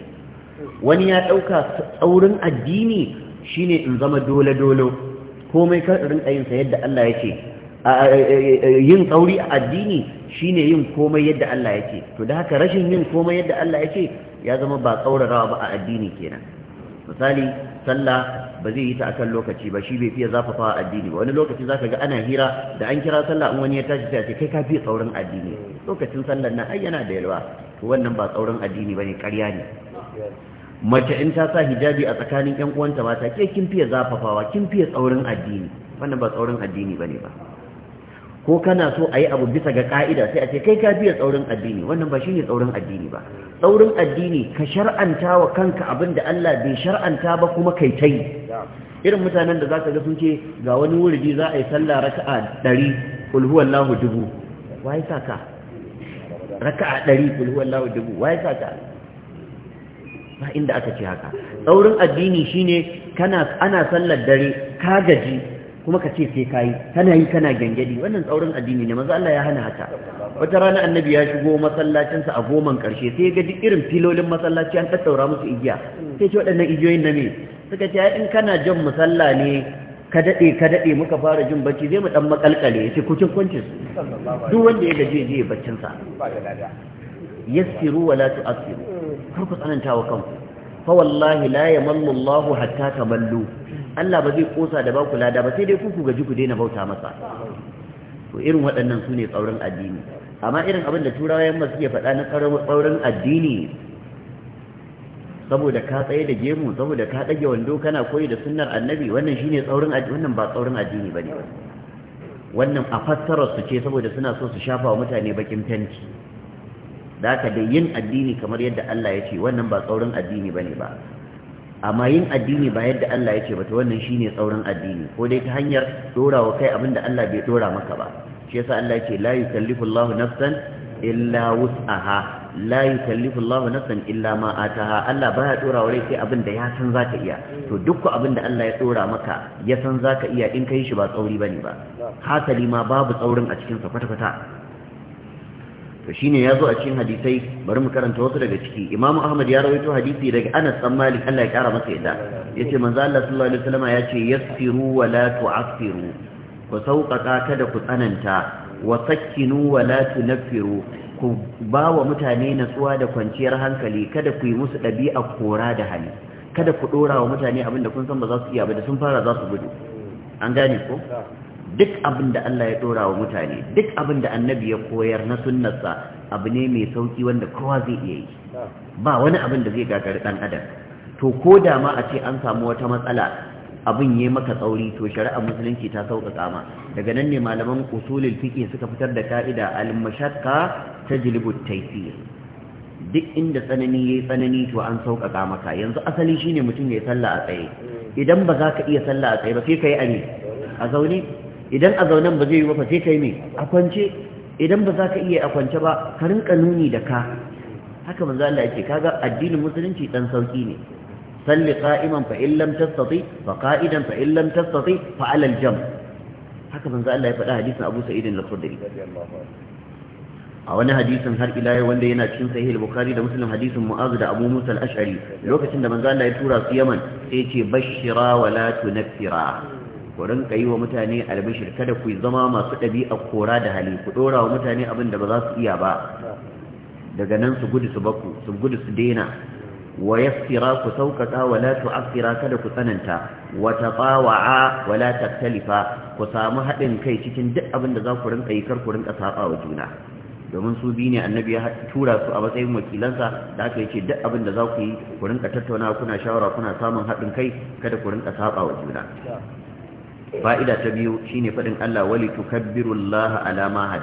wani ya ɗauka tsaurin addini shine in zama dole-dole komai kan rinka yin sa yadda Allah ya ce yin tsauri a addini shine yin komai yadda Allah ya ce to da haka rashin yin komai yadda Allah ya ce ya zama ba tsaurarawa ba a addini kenan misali sallah ba zai yi ta akan lokaci ba shi bai fiye zafafa addini ba wani lokaci zaka ga ana hira da an kira sallah in wani ya tashi ta ce kai ka fi tsaurin addini lokacin sallar nan ai yana da yalwa to wannan ba tsaurin addini bane ƙarya ne mace in ta sa hijabi a tsakanin ƴan uwanta mata ke kin fiye zafafawa kin fiye tsaurin addini wannan ba tsaurin addini bane ba ko kana so a yi abu bisa ga ka'ida sai a ce kai ka biya tsaurin addini wannan ba shi ne tsaurin addini ba tsaurin addini ka shar'anta wa kanka abin da Allah bai shar'anta ba kuma kai ta yi irin mutanen da za ka ga sun ce ga wani wuridi za a yi sallah raka'a ɗari kulhuwan dubu waye sa ka raka'a ɗari kulhuwan dubu waye sa ka ba inda aka ce haka tsaurin addini shine kana ana sallar dare ka gaji kuma ka ce sai kayi kana yi kana gyangyaɗi. wannan tsaurin addini ne manzo Allah ya hana haka wata rana annabi ya shigo masallacinsa sa a goman karshe sai ya ga irin filolin masallaci an tattaura musu igiya sai ce waɗannan igiyoyin na me suka ce in kana jan musalla ne ka daɗe ka daɗe muka fara jin bacci zai mu ɗan makalkale ya ce kucin kwancin duk wanda ya gaje zai baccin sa yassiru wala tu'assiru kar ku tsanantawa kanku fa wallahi la yamallu Allahu hatta tamallu Allah ba zai kosa da baku lada ba sai dai ku ku gaji ku daina bauta masa to irin waɗannan su ne tsaurin addini amma irin abin da turawa yamma suke faɗa na tsaurin addini saboda ka tsaye da gemu saboda ka ɗage wando kana koyi da sunnar annabi wannan shine tsaurin wannan ba tsauran addini bane wannan a fassarar su ce saboda suna so su shafa wa mutane bakin fenti da ka da yin addini kamar yadda Allah ya ce wannan ba tsaurin addini bane ba amma yin addini ba yadda Allah yake ba to wannan shine tsaurin addini ko dai ta hanyar dora wa kai abinda Allah bai dora maka ba shi yasa Allah yake la yukallifu Allahu nafsan illa wus'aha la yukallifu Allahu nafsan illa ma ataha Allah baya dora wa kai abinda ya san zaka iya to duk abinda Allah ya dora maka ya san zaka iya in kai shi ba tsauri bane ba hasali ma babu tsaurin a cikin sa kwata-kwata to shine zo a cikin hadisai bari mu karanta wasu daga ciki Imam Ahmad ya rawaito hadisi daga Anas dan Malik Allah ya kara masa yadda yace manzo Allah sallallahu alaihi wasallam yace yassiru wa la tu'assiru ku sauƙaƙa kada ku tsananta wa sakkinu wa la tunaffiru ku ba wa mutane natsuwa da kwanciyar hankali kada ku yi musu ɗabi'a kora da hali kada ku ɗora wa mutane abin da kun san ba za su iya ba da sun fara za su gudu an gane ko duk abin da Allah ya dora wa mutane duk abin da annabi ya koyar na sunnarsa abu ne mai sauki wanda kowa zai iya yi ba wani abin da zai gagari ɗan adam to ko da ma a ce an samu wata matsala abin ya maka tsauri to shari'ar musulunci ta sauƙaƙa ma daga nan ne malaman usulul fiqh suka fitar da ka'ida al mashakka tajlibu at-taysir duk inda tsanani yayi tsanani to an sauƙaƙa maka yanzu asali shine mutum ya sallah a tsaye idan ba za ka iya sallah a tsaye ba sai kai a ne a zaune idan a zaunan ba zai yi ba sai kai me a kwance idan ba za ka iya a kwance ba ka rinka nuni da ka haka manzo Allah yake kaga addinin musulunci dan sauki ne salli qa'iman fa in lam tastati fa qa'idan fa in lam tastati fa 'ala al-jamb haka manzo Allah ya faɗa hadisin Abu Sa'id al-Khudri a wani hadisin har ila yau wanda yana cikin sahih al-bukhari da muslim hadisin mu'az da abu musa al-ash'ari lokacin da manzo Allah ya tura su yaman sai ya ce bashira wa la tunfira ku rinka yi wa mutane albishir kada ku zama masu ɗabi'a kora da hali ku ɗora wa mutane abin da ba za su iya ba daga nan su gudu su baku su gudu su daina wa yassira ku sauƙaƙa wa la tu'assira kada ku tsananta wa taqawa'a wa la taktalifa ku samu haɗin kai cikin duk abin da za ku rinka yi kar ku rinka saba wa juna domin su bi ne annabi ya tura su a matsayin wakilansa da aka yace duk abin da za ku yi ku rinka tattauna kuna shawara kuna samun haɗin kai kada ku rinka saba wa juna fa'ida ta biyu shine faɗin Allah wali tukabbirullaha ala ma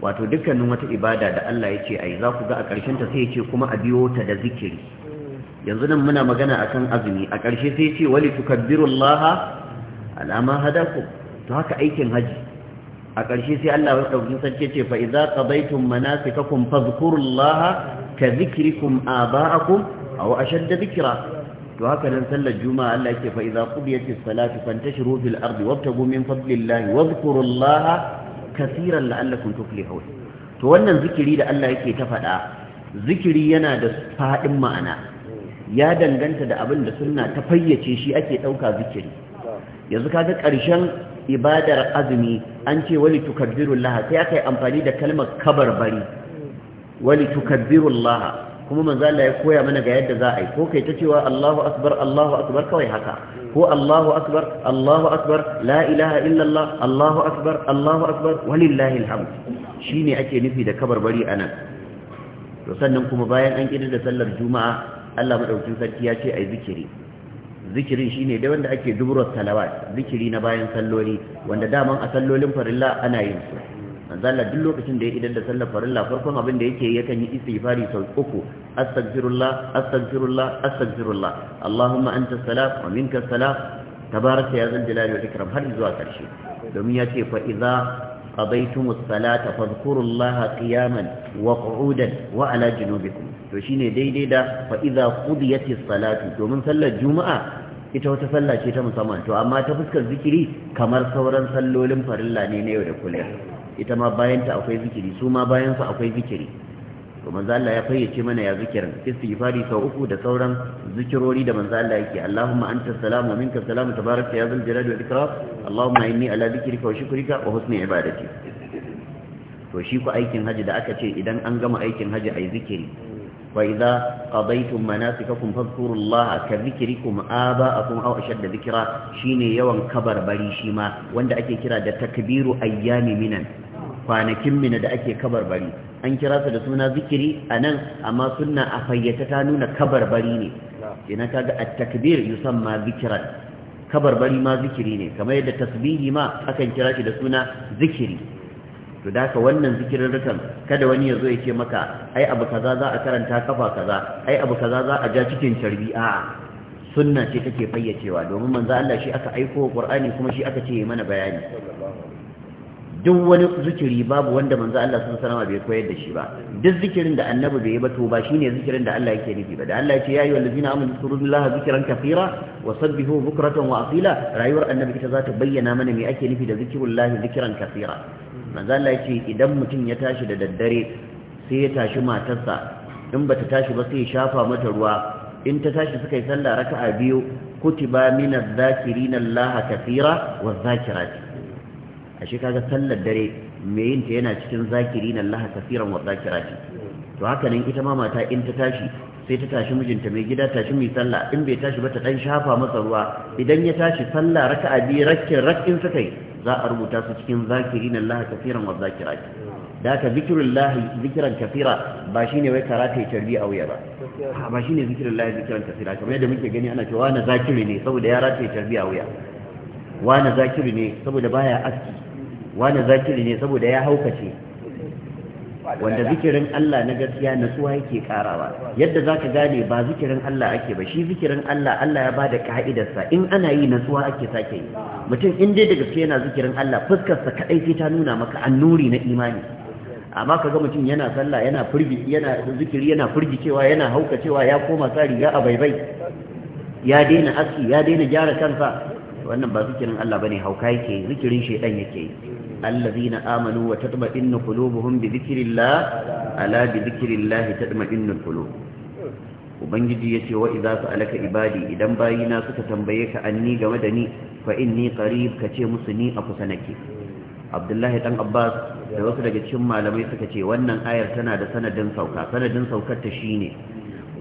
wato dukkanin wata ibada da Allah ya ce yi za ku ga a ƙarshen ta sai ya ce kuma a biyo ta da zikiri yanzu nan muna magana akan azumi a ƙarshe sai ya ce wali tukabbirullaha ala ma hadakum to haka aikin haji a ƙarshe sai Allah ya ɗauki sarki ce fa idza qadaytum manasikakum fadhkurullaha ka dhikrikum aba'akum aw ashadda dhikra to haka nan sallar juma'a Allah yake fa idza qudiyatis salatu fantashiru fil ardi wabtagu min fadlillahi wadhkurullaha kaseeran la'allakum tuflihun to wannan zikiri da Allah yake ta faɗa zikiri yana da faɗin ma'ana ya danganta da abin da sunna ta fayyace shi ake ɗauka zikiri yanzu kaga ƙarshen ibadar azumi an ce wali tukabbirullah sai aka yi amfani da kalmar kabarbari wali tukabbirullah kuma manzo Allah ya koya mana ga yadda za a yi ko kai ta cewa Allahu akbar Allahu akbar kawai haka ko Allahu akbar Allahu akbar la ilaha illallah Allahu akbar Allahu akbar walillahi alhamd shine ake nufi da kabar bari anan to sannan kuma bayan an kidar da sallar juma'a Allah madaukakin sarki ya ce ai zikiri zikirin shine dai wanda ake dubrar salawat zikiri na bayan salloli wanda daman a sallolin farilla ana yin su manzala duk lokacin da ya idan da sallar farilla farkon abin da yake yakan yi istighfari sau uku astaghfirullah astaghfirullah astaghfirullah allahumma anta salam wa minka salam tabaraka ya zal jalali wal ikram har zuwa karshe domin ya ce fa idza qadaytumus salata fadhkurullaha qiyaman wa qu'udan wa ala junubikum to shine daidai da fa idza qudiyatis salatu domin sallar juma'a ita wata salla ce ta musamman to amma ta fuskar zikiri kamar sauran sallolin farilla ne na yau da kullum ita ma bayanta akwai zikiri su ma bayansu akwai zikiri to manzo Allah ya fayyace mana ya zikirin istighfari sau uku da sauran zikirori da manzo Allah yake Allahumma anta salamu minka salamu tabaraka ya zal jalali wal ikram Allahumma inni ala zikrika wa shukrika wa husni ibadati to shi ku aikin haji da aka ce idan an gama aikin haji ai zikiri wa idza qadaytum manasikakum fadhkurullaha ka zikrikum aba'akum aw ashadd dhikra shine yawan kabar bari shi ma wanda ake kira da takbiru ayyami minan kwanakin mina da ake kabarbari an kira su da suna zikiri a nan amma sunna a fayyata ta nuna kabarbari ne ta ga at-takbir yusamma zikran kabarbari ma zikiri ne kamar yadda tasbihi ma akan kira shi da suna zikiri to da ka wannan zikirin rukan kada wani ya zo ya ce maka ai abu kaza za a karanta kafa kaza ai abu kaza za a ja cikin carbi a sunna ce take fayyacewa domin manzo Allah shi aka aiko Qur'ani kuma shi aka ce mana bayani duk wani zikiri babu wanda manzo Allah sun sanama bai koyar da shi ba duk zikirin da annabi bai yi ba to ba shine zikirin da Allah yake nufi ba da Allah ya ce ya ayyuhal ladina amanu zkurullaha zikran kathira wa sabbihu bukratan wa asila rayuwar annabi ita za ta bayyana mana me ake nufi da zikrullahi zikran kathira manzo Allah ya ce idan mutum ya tashi da daddare sai ya tashi matarsa in bata tashi ba sai ya shafa mata ruwa in ta tashi suka yi sallah raka'a biyu kutiba minadh-dhakirin Allah kathira wadh-dhakirati ashe kaga sallar dare mai yin ta yana cikin zakiri na Allah kafiran wa ce to haka nan ita ma mata in ta tashi sai ta tashi mijinta mai gida tashi mai sallah in bai tashi ba ta dan shafa masa ruwa idan ya tashi sallah raka'a biyu rakkin rakkin suka yi za a rubuta su cikin zakirin Allah kafiran wa zakira ce da ka zikirullah zikiran kafira ba shine wai karata tarbi a wuya ba ba shine zikirullah zikiran kafira kamar yadda muke gani ana cewa na zakiri ne saboda ya rata tarbi a wuya wa na zakiri ne saboda baya aski wani zakiri ne saboda ya haukace wanda zikirin Allah na gaskiya natsuwa yake karawa yadda zaka gane ba zikirin Allah ake ba shi zikirin Allah Allah ya bada ka'idarsa in ana yi natsuwa ake sake yi mutum in dai da gaske yana zikirin Allah fuskar sa kadai sai ta nuna maka annuri na imani amma kaga mutum yana sallah yana furbi yana zikiri yana cewa yana cewa ya koma tsari ya a bai ya daina aski ya daina gyara kansa wannan ba zikirin Allah bane hauka yake zikirin shedan yake yi الذين آمنوا وتطمئن قلوبهم بذكر الله ألا بذكر الله تطمئن القلوب ubangiji yace wa idza sa'alaka ibadi idan bayina suka tambaye ka anni game da ni fa inni qarib kace musu ni a kusa nake abdullahi dan abbas da wasu daga cikin malamai suka ce wannan ayar tana da sanadin sauka sanadin saukar ta shine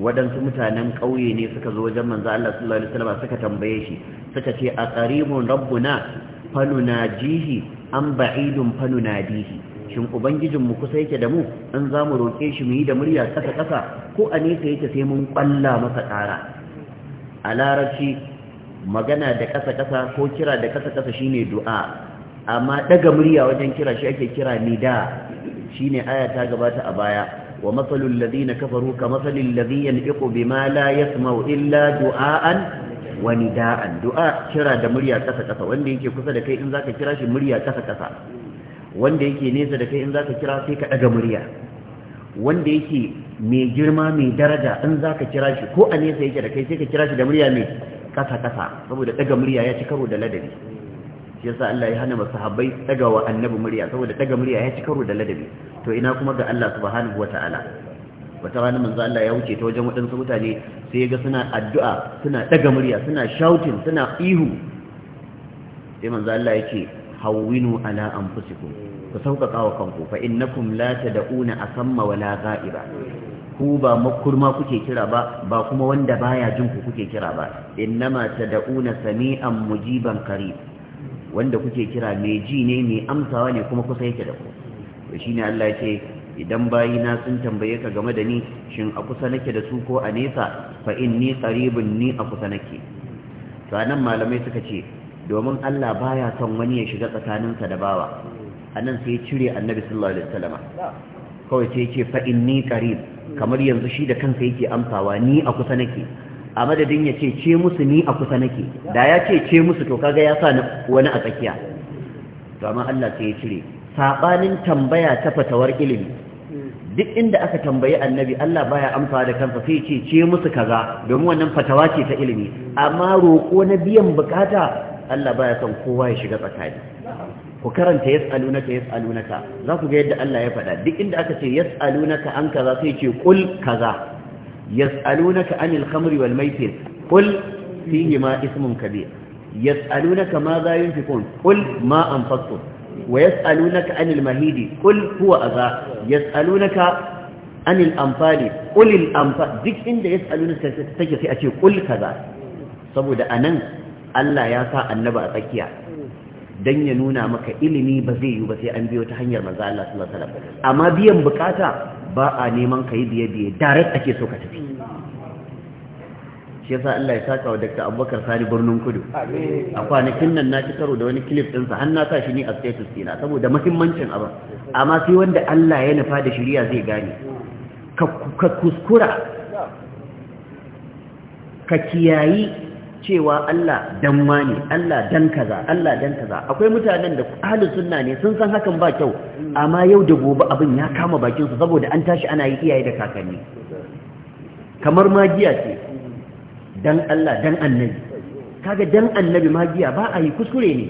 Waɗansu mutanen ƙauye ne suka zo wajen manza Allah sallallahu alaihi suka tambaye shi suka ce a qaribun rabbuna jihi. an ba'idun fanu nadihi shin mu kusa yake da mu an za mu roƙe shi mu yi da murya ƙasa-ƙasa ko a nesa yake sai mun ƙwalla masa ƙara a larabci magana da ƙasa-ƙasa ko kira da ƙasa-ƙasa shine du'a amma ɗaga murya wajen kira shi ake kira nida shine aya ta gabata a baya wa masalul ladina kafaru ka masalil ladhi yanqu ma la yasma'u illa du'aan wani da'an du'a kira da murya kasa kasa wanda yake kusa da kai in zaka kira shi murya kasa kasa wanda yake nesa da kai in zaka kira sai ka daga murya wanda yake mai girma mai daraja in zaka kira shi ko a nesa yake da kai sai ka kira shi da murya mai kasa kasa saboda daga murya ya ci karo da ladabi shi yasa Allah ya hana masahabbai daga wa annabi murya saboda daga murya ya ci karo da ladabi to ina kuma ga Allah subhanahu wataala wata rana manzo Allah ya wuce ta wajen waɗansu mutane sai ya ga suna addu'a suna daga murya suna shouting suna ihu sai manzo Allah yake hawwinu ala anfusikum ku sauƙaƙa wa kanku fa innakum la tad'una asamma wala ga'iba ku ba makurma kuke kira ba ba kuma wanda baya jin ku kuke kira ba innama tad'una sami'an mujiban qarib wanda kuke kira mai ji ne mai amsawa ne kuma kusa yake da ku to shine Allah yake idan bayina sun tambaye ka game da ni shin a kusa nake da su ko a nesa fa inni qaribun ni a kusa nake to anan malamai suka ce domin Allah baya son wani ya shiga tsakaninsa da bawa anan sai ya cire Annabi sallallahu alaihi wasallam kawai sai yake fa inni qarib kamar yanzu shi da kansa yake amsawa ni a kusa nake a madadin ya ce ce musu ni a kusa nake da ya ce ce musu to kaga ya sa wani a tsakiya to amma Allah sai ya cire sabanin tambaya ta fatawar ilimi duk inda aka tambayi annabi Allah baya amsa da kansa sai ce ce musu kaza domin wannan fatawa ce ta ilimi amma roƙo na biyan bukata Allah baya son kowa ya shiga tsakani ku karanta yas'alunaka yas'alunaka za ku ga yadda Allah ya faɗa duk inda aka ce yas'alunaka an kaza sai ce kul kaza yas'alunaka anil khamri wal maisir kul fihi ma ismun kabir yas'alunaka ma za yunfiqun kul ma anfaqtum wa yas'alunaka anil mahidi qul huwa adha yas'alunaka anil anfali qul al anfal duk inda yas'alunaka take sai a ce qul kaza saboda anan Allah ya sa annaba a tsakiya dan ya nuna maka ilimi ba zai yi ba sai an biyo ta hanyar manzo Allah sallallahu alaihi wasallam amma biyan bukata ba a neman ka yi biye biye direct ake so ka tafi shi yasa Allah ya saka wa Dr. Abubakar Sani Birnin Kudu a kwanakin nan na ci karo da wani clip ɗinsa har na sa shi ne a status ɗina saboda muhimmancin abin amma sai wanda Allah ya nufa da shirya zai gane ka kuskura ka kiyayi cewa Allah dan ne Allah dan kaza Allah dan kaza akwai mutanen da ahlus sunna ne sun san hakan ba kyau amma yau da gobe abin ya kama bakin su saboda an tashi ana yi iyaye da kakanni kamar magiya ce dan Allah dan annabi kaga dan annabi magiya ba a yi kuskure ne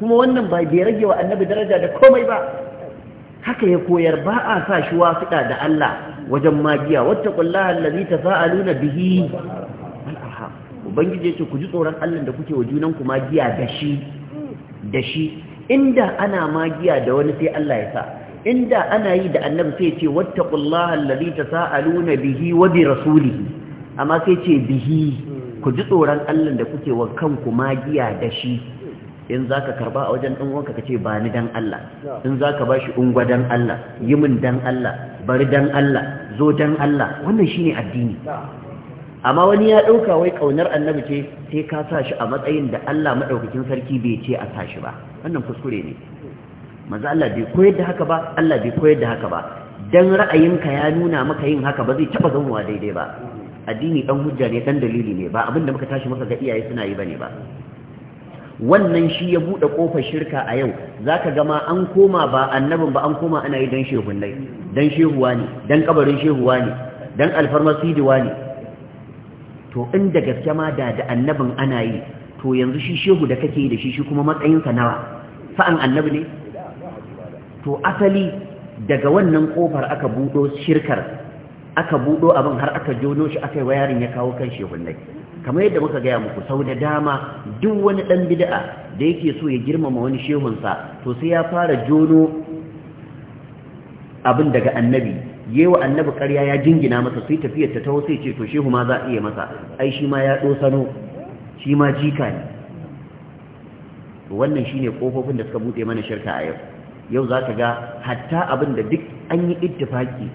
kuma wannan ba bai rage wa annabi daraja da komai ba haka ya koyar ba a sa shi wasiɗa da Allah wajen magiya wata kullaha allazi tafa'aluna bihi ubangiji yace ku ji tsoron Allah da kuke wa junan ku magiya da shi da shi inda ana magiya da wani sai Allah ya sa inda ana yi da annabi sai ya ce wattaqullaha allazi tasaaluna bihi wa bi rasulihi amma sai ce bihi ku ji tsoron Allah da kuke wa kanku magiya da shi in za ka karba a wajen ɗan wanka ka ce ba ni dan Allah in za ka ba shi ungwa dan Allah yi min dan Allah bari dan Allah zo dan Allah wannan shi ne addini amma wani ya ɗauka wai ƙaunar annabi ce sai ka sa shi a matsayin da Allah maɗaukakin sarki bai ce a sa shi ba wannan kuskure ne maza Allah bai koyar da haka ba Allah bai koyar da haka ba dan ra'ayinka ya nuna maka yin haka ba zai taɓa zamuwa daidai ba addini dan hujja ne dan dalili ne ba abinda muka tashi muka ga iyaye suna yi bane ba wannan shi ya bude kofar shirka a yau zaka ga ma an koma ba annabin ba an koma ana yi dan shehunnai dan shehuwa ne dan kabarin shehuwa ne dan Sidiwa ne to inda gaske ma da da annabin ana yi to yanzu shi shehu da kake yi da shi shi kuma matsayinsa nawa sa'an annabi ne to asali daga wannan kofar aka budo shirkar aka buɗo abin har aka jono shi aka yi yarin ya kawo kan shehunai. kamar yadda muka gaya muku sau da dama duk wani dan bida'a da yake so ya girmama wani shehunsa to sai ya fara jono abin daga annabi yewa annabi ƙarya ya jingina masa sai tafiyar ta taho sai ce to shehu ma za a iya masa ai shi ma ya sano, shi ma jika ne wannan shine kofofin da suka buɗe mana shirka a yau yau za ka ga hatta abin da duk an yi ittifaki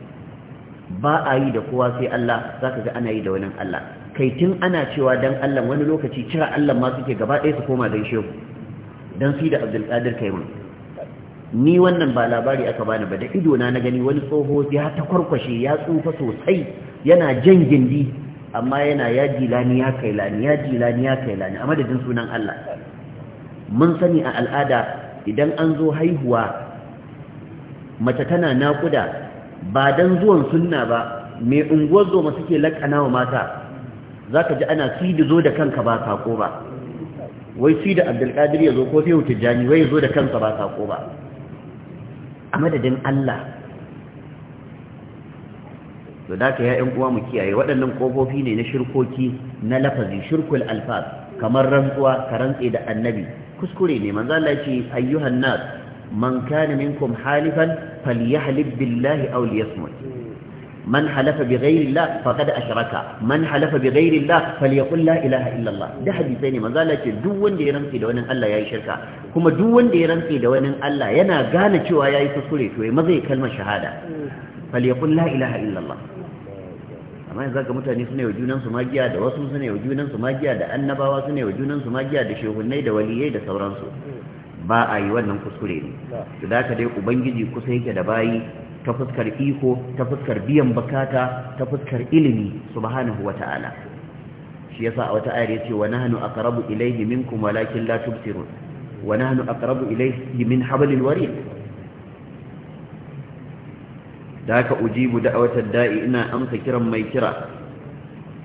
ba a yi da kowa sai Allah za ka ga ana yi da wani Allah kai tun ana cewa dan Allah wani lokaci cira Allah ma suke gaba ɗaya su koma don shehu don fi da abdulkadir kai mun ni wannan ba labari aka bani ba da ido na na gani wani tsoho ya ta kwarkwashe ya tsufa sosai yana jan gindi amma yana ya jilani ya kai lani ya jilani ya kai lani a madadin sunan Allah mun sani a al'ada idan an zo haihuwa mace tana naƙuda ba dan zuwan sunna ba mai unguwar zoma suke lakana wa mata za ka ji ana Sidi da zo da kanka ba sako ba wai fi da abdulkadir ya zo ko wuce jani wai zo da kanka ba sako ba a madadin Allah da daga ya'yan uwa mu kiyaye waɗannan ƙofofi ne na shirkoki na lafazi shirkul alfaz kamar rantsuwa ka rantse da annabi kuskure ne manzo Allah ce ayyuhan nas man kana minkum halifan falyahlib billahi aw liyasmut man halafa bi ghairi Allah faqad ashraka man halafa bi ghairi Allah la ce duk wanda ya Allah yayi shirka kuma duk wanda ya rantsi Allah yana gane cewa yayi kuskure to yayi mazai kalmar shahada falyaqul la ilaha amma yanzu mutane suna yi junansu magiya da wasu suna yi junansu magiya da annabawa suna yi da da waliyai da sauransu ba a yi wannan kuskure ne to da ka dai ubangiji kusa yake da bayi ta fuskar iko ta fuskar biyan bukata ta fuskar ilimi subhanahu wata'ala shi yasa a wata ayar yace wa nahnu aqrabu ilayhi minkum walakin la tubsirun wa nahnu aqrabu ilayhi min hablil warid da ka ujibu da'watad da'i ina amsa kiran mai kira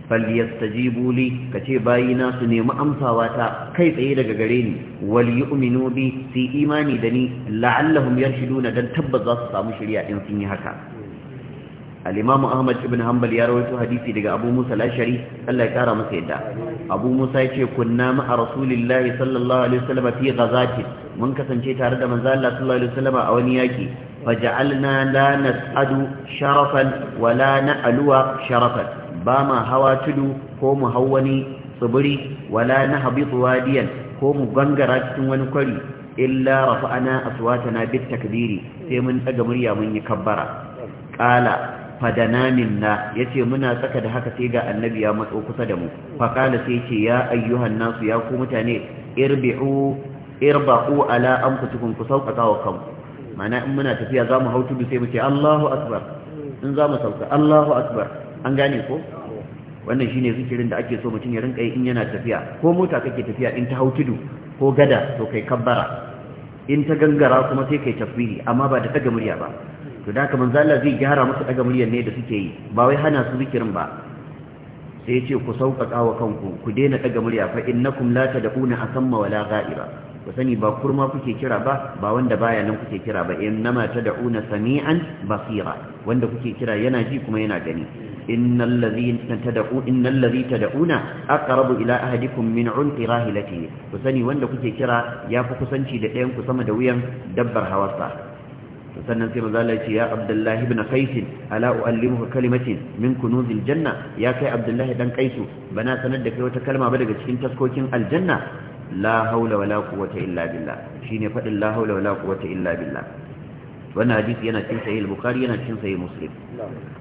falyastajibu li kace bayina su nemi amsawa ta kai tsaye daga gare ni wal yu'minu bi si imani da ni la'allahum nuna dan tabbas za su samu shirya in sun yi haka al ahmad ibn hanbal ya rawaito hadisi daga abu musa Lashari ashari Allah ya kara masa yadda abu musa yace kunna ma'a rasulillahi sallallahu alaihi wasallam fi ghazatin mun kasance tare da manzo Allah sallallahu alaihi wasallam a wani yaki faja'alna la nas'adu sharafan wa la na'luwa sharafan ba ma hawa tudu ko mu hau wani tsibiri wala na habitu wadiyan ko mu gangara cikin wani kwari illa aswata na bit takbiri sai mun daga murya mun yi kabbara qala fadana na yace muna saka da haka sai ga annabi ya matso kusa da mu fa qala sai yace ya ayyuhan nasu ya ku mutane irbi'u irba'u ala anfusikum ku sauƙaƙa wa kanku mana in muna tafiya zamu hau tudu sai mu ce Allahu akbar in zamu sauka Allahu akbar an gane ko wannan shine zikirin da ake so mutum ya rinka yi in yana tafiya ko mota kake tafiya in ta hau tudu ko gada to kai kabbara in ta gangara kuma sai kai tasbihi amma ba da daga murya ba to da haka manzo Allah zai gyara musu daga muryar ne da suke yi ba wai hana su zikirin ba sai ya ce ku sauƙaƙa wa kanku ku daina daga murya fa innakum la tadquna asamma wala ghaiba ku sani ba kurma kuke kira ba ba wanda baya nan kuke kira ba innama tad'una sami'an basira wanda kuke kira yana ji kuma yana gani innal ladhina tad'u innal ladhi tad'una aqrabu ila ahadikum min 'unqi rahilatihi ku sani wanda kuke kira yafi kusanci da ɗayan ku sama da wuyan dabbar hawarsa sannan sai manzo ya ce ya Abdullahi ibn Qais ala uallimuka kalimatin min kunuzil janna ya kai Abdullahi dan Qaisu bana sanar da kai wata kalma ba daga cikin taskokin aljanna la haula wala quwwata illa billah shine fadin la haula wala quwwata illa billah wannan hadisi yana cikin sahih al-bukhari yana cikin sahih muslim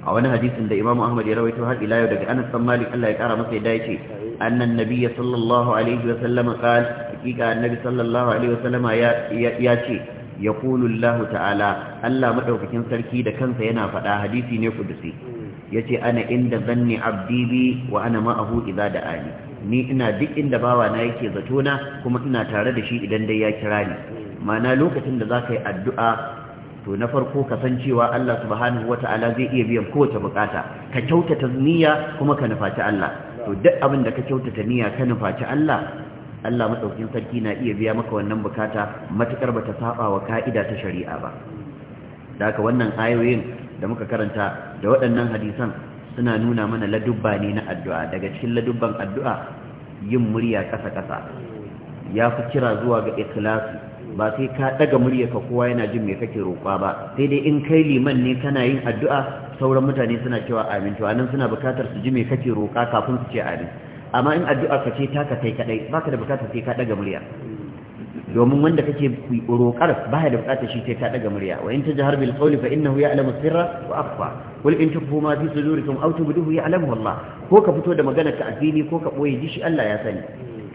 a wani hadisin da imamu ahmad ya rawaito har ila yau daga anas bin malik Allah ya kara masa ya yadda yace annan nabiy sallallahu alaihi wa sallam qal hakika annabi sallallahu alaihi wa sallam ya ce yaqulu Allah ta'ala Allah madaukakin sarki da kansa yana faɗa hadisi ne kudusi yace ana inda zanni abdi bi wa ana ma'ahu idza da'ani ni ina duk inda bawa na yake na, kuma ina tare da shi idan dai ya kira ni ma'ana lokacin da za ka yi addu'a to na farko cewa Allah subhanahu wata'ala zai iya biyan kowace bukata ka kyautata niyya kuma ka nufaci Allah to duk abin da ka kyautata niyya ka nufaci Allah Allah maɗaukin sarki na iya biya maka wannan bukata matukar bata saba wa ka'ida ta shari'a ba da haka wannan ayoyin da muka karanta da waɗannan hadisan suna nuna mana ladubba ne na addu'a daga cikin ladubban addu'a yin murya kasa-kasa ya fi kira zuwa ga ikhlasi ba sai ka daga murya ka kowa yana jin me kake roƙa ba sai dai in kai liman ne kana yin addu'a sauran mutane suna cewa amin to anan suna bukatar su ji me kake roƙa kafin su ce amin amma in addu'a ka ce ta ka kai kadai baka da bukatar sai ka daga murya domin wanda kake roƙar baya da buƙatar shi sai ta daga murya wa in tajhar bil qawli fa innahu ya'lamu sirra wa akhfa qul in tukhfu ma fi sudurikum aw tubduhu ya'lamu Allah ko ka fito da magana a asiri ko ka boye shi Allah ya sani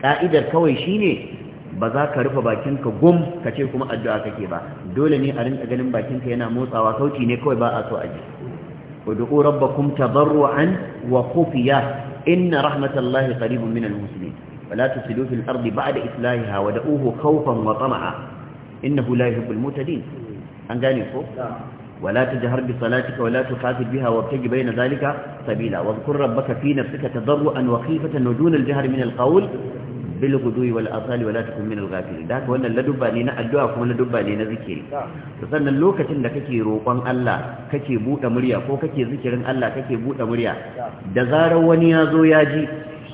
ka'idar kawai shine ba za ka rufe bakinka gum ka ce kuma addu'a kake ba dole ne a rinka ganin bakinka yana motsawa sauti ne kawai ba a so a ji ud'u rabbakum tadarruan wa khufiya inna rahmatallahi qaribun minal muslimin ولا تفسدوا في الأرض بعد إصلاحها ودعوه خوفا وطمعا إنه لا يحب المعتدين أن جاني فوق ولا تجهر بصلاتك ولا تخافت بها وابتج بين ذلك سبيلا واذكر ربك في نفسك تضرعا وخيفة ودون الجهر من القول بالغدو والأصال ولا تكن من الغافلين ذاك وأن لدبا لنا الدعاء كما لدبا لنا ذكري فسألنا لوكة أنك كي روقان الله كي بوت مريا فوق كي ذكر الله كي بوت مريا دزار ونيازو ياجي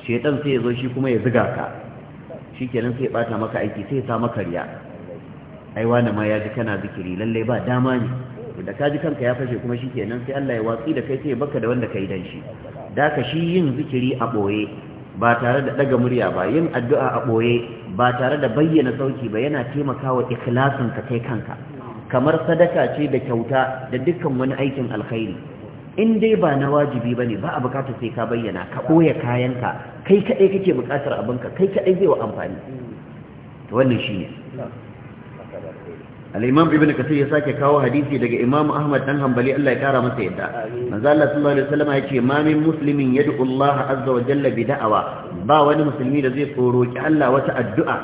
shaitan sai ya zo shi kuma ya ziga ka shi kenan sai ya bata maka aiki sai ya sa maka riya ai wani ma ya ji kana zikiri lallai ba dama ne da ka ji kanka ya fashe kuma shi kenan sai Allah ya watsi da kai sai ya baka da wanda ka dan shi da ka shi yin zikiri a boye ba tare da daga murya ba yin addu'a a boye ba tare da bayyana sauki ba yana taimakawa ikhlasin ka kai kanka kamar sadaka ce da kyauta da dukkan wani aikin alkhairi in dai ba na wajibi ne ba a bukatar sai ka bayyana ka koya kayanka kai kaɗai kake bukatar abinka kai kaɗai zai wa amfani ta wannan shi ne. imam ibnu kasir ya sake kawo hadisi daga imam ahmad dan hanbali Allah ya kara masa yadda manzo Allah sallallahu alaihi wasallam yace ma min muslimin yad'u Allah azza wa jalla bi da'awa ba wani musulmi da zai tsoro ki Allah wata addu'a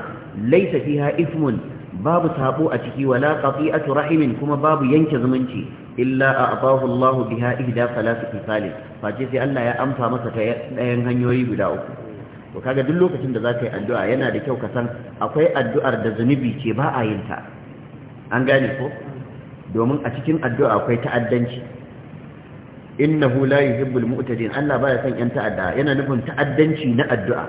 laysa fiha ismun babu sabo a ciki wala qati'atu rahimin kuma babu yanke zumunci illa abahu Allahu biha ihda thalath misali face sai Allah ya amsa masa ta ɗayan hanyoyi guda uku to kaga duk lokacin da za ka yi addu'a yana da kyau ka san akwai addu'ar da zunubi ce ba a yin ta an gane ko domin a cikin addu'a akwai ta'addanci innahu la yuhibbul mu'tadin Allah baya son yan ta'adda yana nufin ta'addanci na addu'a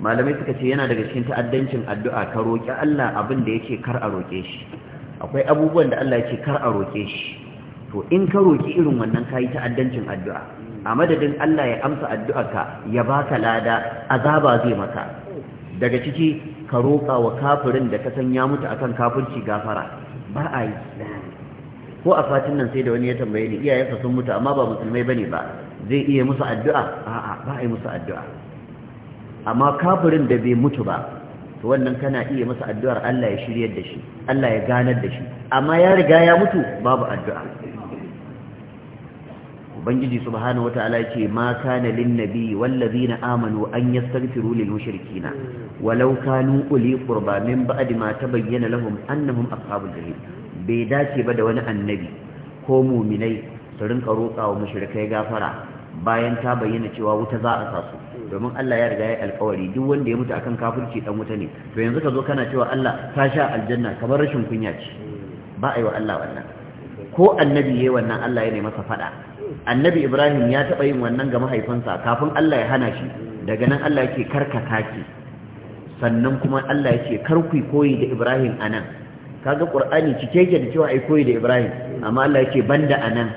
malamai suka ce yana daga cikin ta'addancin addu'a ka roki Allah abin da yake kar a roƙe shi akwai abubuwan da Allah yake kar a roke shi to in ka roki irin wannan kayi ta'addancin addu'a a madadin Allah ya amsa addu'arka ya baka lada azaba zai maka daga ciki ka roka wa kafirin da ka san ya mutu akan kafirci gafara ba a yi ko a fatin nan sai da wani ya tambaye ni iyayensa sun mutu amma ba musulmai bane ba zai iya musu addu'a a'a ba a yi musu addu'a amma kafirin da bai mutu ba to wannan kana iya masa addu'ar Allah ya shiryar da shi Allah ya ganar da shi amma ya riga ya mutu babu addu'a ubangiji subhanahu wataala ce ma kana lin nabi wal ladina amanu an yastaghfiru lil mushrikina walau kanu uli qurba min ba'di ma tabayyana lahum annahum ashabul jahim bai dace ba da wani annabi ko muminai su rinka roƙa mushrikai gafara bayan ta bayyana cewa wuta za a sasu domin Allah ya riga ya alƙawari duk wanda ya mutu akan kafirci dan wuta ne to yanzu ka zo kana cewa Allah ta sha aljanna kamar rashin kunya ce ba a yi wa Allah wannan ko annabi yayi wannan Allah ya ne masa fada annabi ibrahim ya taɓa yin wannan ga mahaifinsa kafin allah ya hana shi daga nan allah yake karkata ki sannan kuma allah yake karku koyi da ibrahim a nan kaga Ƙur'ani cike yake da cewa ai koyi da ibrahim amma allah yake banda a nan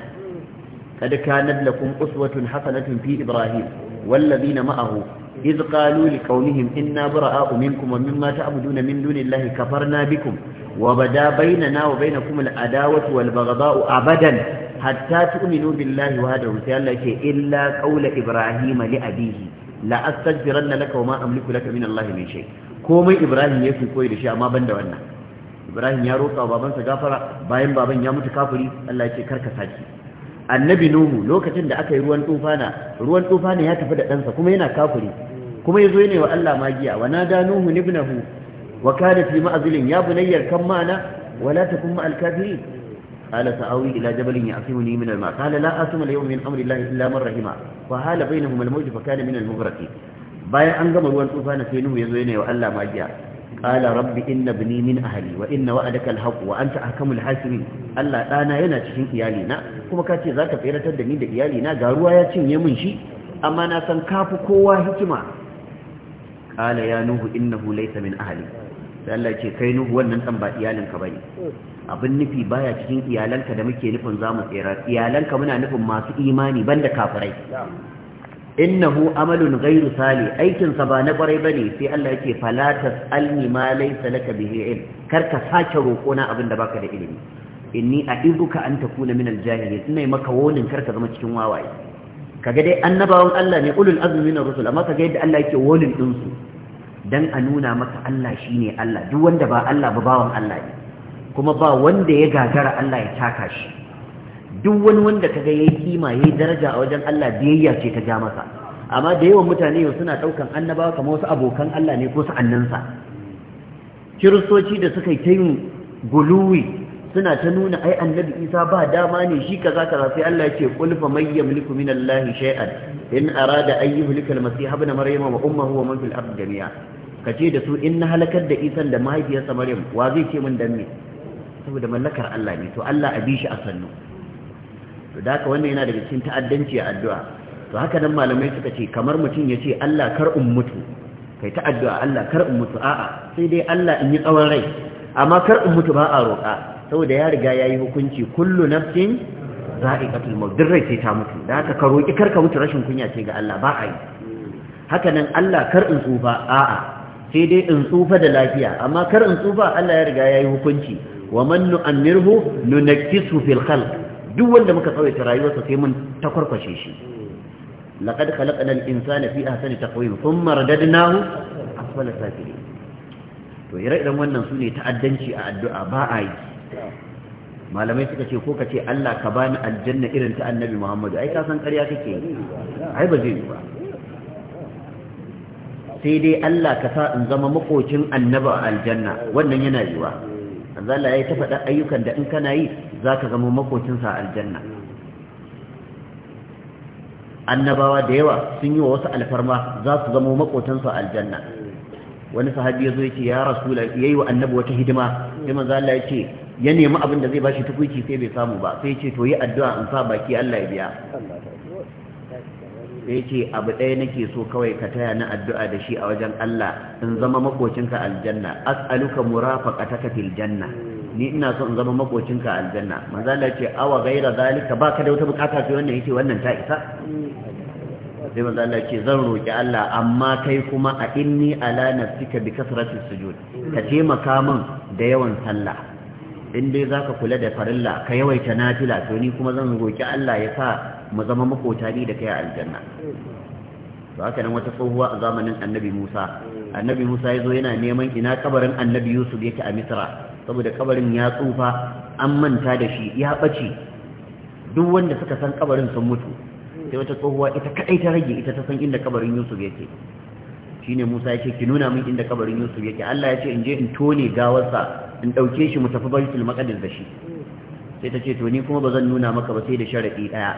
kad kanat lakum uswatun hasanatun fi ibrahim wallazina ma'ahu إذ قالوا لقومهم إنا براء منكم ومما na, من دون الله كفرنا بكم وبدا بيننا وبينكم العداوة والبغضاء أبدا hatta tu'minu billahi wahdahu sai Allah ce illa qaula ibrahim li abihi la astaghfiranna laka wa ma amliku laka min Allah min shay komai ibrahim ya fi koyi da shi amma banda wannan ibrahim ya roƙa wa babansa gafara bayan baban ya mutu kafiri Allah yake karka saki annabi nuhu lokacin da aka yi ruwan tufana ruwan tufana ya tafi da ɗansa kuma yana kafiri kuma ya zo ne wa Allah magiya wa nada nuhu ibnahu wa kana fi ma'zilin ya bunayyar kan mana, wala takun ma'al kafirin قال سآوي إلى جبل يعصمني من الماء قال لا آسم اليوم من أمر الله إلا من رحمه فهال بينهما الموج فكان من المغرقين بايا أنقم الوان طوفان سينه يزوينه وألا ما جاء قال رب إن ابني من أهلي وإن وعدك الحق وأنت أحكم الحاكمين ألا أنا ينا تشين إيالينا كما كاتي ذاك فإيرة الدنين دا إيالينا قالوا يا تشين يمنشي أما ناسا كافو كوا هكما قال يا نوه إنه ليس من أهلي فألا يتشي كينوه وأن أنتم بإيالين كبير abin nufi baya cikin iyalanka da muke nufin zamu tsira iyalanka muna nufin masu imani banda kafirai innahu amalun ghairu sali aikin sa ba na kwarai bane sai Allah yake fala tasalni ma laysa laka bihi ilm kar ka sake roko na abin da baka da ilimi inni a'iduka an takuna min aljahili, jahilin maka wonin kar ka zama cikin wawaye kaga dai annabawan Allah ne ulul azmi min ar-rusul amma kaga yadda Allah yake wonin din su dan a nuna maka Allah shine Allah duk wanda ba Allah ba bawan Allah ne kuma ba wanda ya gagara Allah ya taka shi duk wani wanda kaga yayi kima yayi daraja a wajen Allah biyayya ce ta ja masa amma da yawan mutane yau suna daukan annabawa kamar wasu abokan Allah ne ko su annansa kiristoci da suka yi ta yin guluwi suna ta nuna ai annabi Isa ba dama ne shi kaza kaza sai Allah yake ce qul fa may yamliku min Allah shay'an in arada an yuhlika masih ibn maryama wa ummuhu wa man fil ard jami'a kace da su in halakar da Isa da mahaifiyarsa Maryam wa zai ce min dan me saboda mallakar Allah ne to Allah a bi shi a sannu to da haka wannan yana daga cikin ta'addanci a addu'a to haka nan malamai suka ce kamar mutum ya ce Allah kar in mutu kai ta addu'a Allah kar in mutu a'a sai dai Allah in yi tsawon rai amma kar in mutu ba a roƙa saboda ya riga ya yi hukunci kullu nafsin za'iqatul maut din rai sai ta mutu da haka ka roƙi kar ka mutu rashin kunya ce ga Allah ba a yi haka nan Allah kar in tsufa a'a sai dai in tsufa da lafiya amma kar in tsufa Allah ya riga ya yi hukunci wa man nu'ammirhu nunakkisu fil khalq duk wanda muka tsawaita rayuwarsa sai mun takwarkwashe shi laqad khalaqnal insana fi ahsani taqwim thumma radadnahu asfala safilin to ire-iren wannan su ne ta'addanci a addu'a ba a yi malamai suka ce ko ka ce Allah ka bani aljanna irin ta annabi Muhammadu ai ka san ƙarya kake yi ai ba zai yi ba sai dai Allah ka sa in zama makocin annaba a aljanna wannan yana yiwa manzala ya yi ta faɗa ayyukan da in kana yi za ka zama makocinsa a aljanna annabawa da yawa sun yi wa wasu alfarma za su zama makocinsa a aljanna wani sahabi ya zo ya ce ya rasula ya yi wa annabi wata hidima sai manzala ya ce ya nemi abin da zai ba shi sai bai samu ba sai ya ce to yi addu'a in sa baki Allah ya biya sai ce abu ɗaya nake so kawai ka taya na addu'a da shi a wajen Allah in zama makocinka aljanna as'aluka ta fil janna ni ina so in zama makocinka aljanna manzo Allah ce awa ghaira zalika ka da wata bukata sai wannan yake wannan ta isa sai manzo Allah ce zan roƙi Allah amma kai kuma a inni ala nafsika bi kasratis sujud ka taimaka min da yawan sallah in dai zaka kula da farilla ka yawaita nafila to ni kuma zan roƙi Allah ya sa mu zama makota ni da kai a aljanna to haka nan wata tsohuwa a zamanin Annabi Musa Annabi Musa yazo yana neman ina kabarin Annabi Yusuf yake a Misra saboda kabarin ya tsufa an manta da shi ya bace duk wanda suka san kabarin sun mutu sai wata tsohuwa ita kaɗai ta rage ita ta san inda kabarin Yusuf yake shine Musa yake ki nuna min inda kabarin Yusuf yake Allah ya ce in je in tone gawarsa in ɗauke shi mu tafi baitul maqdis da shi sai ta ce to ni kuma bazan nuna maka ba sai da sharaɗi daya.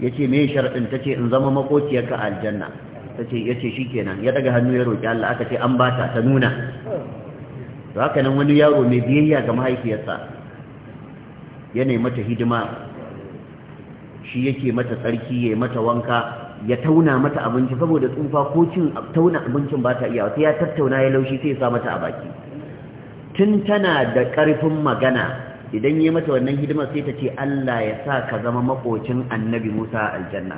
ya ce me sharaɗin ta ce in zama makociyarka a aljanna ta ce ya ce shi ya daga hannu ya roƙi Allah aka ce an bata ta nuna to haka nan wani yaro mai biyayya ga mahaifiyarsa ya nemi mata hidima shi yake mata tsarki ya mata wanka ya tauna mata abinci saboda tsufa ko cin tauna abincin ba ta iya sai ya tattauna ya laushi sai ya sa mata a baki tun tana da ƙarfin magana idan yi mata wannan hidimar sai ta ce Allah ya sa ka zama makocin annabi Musa aljanna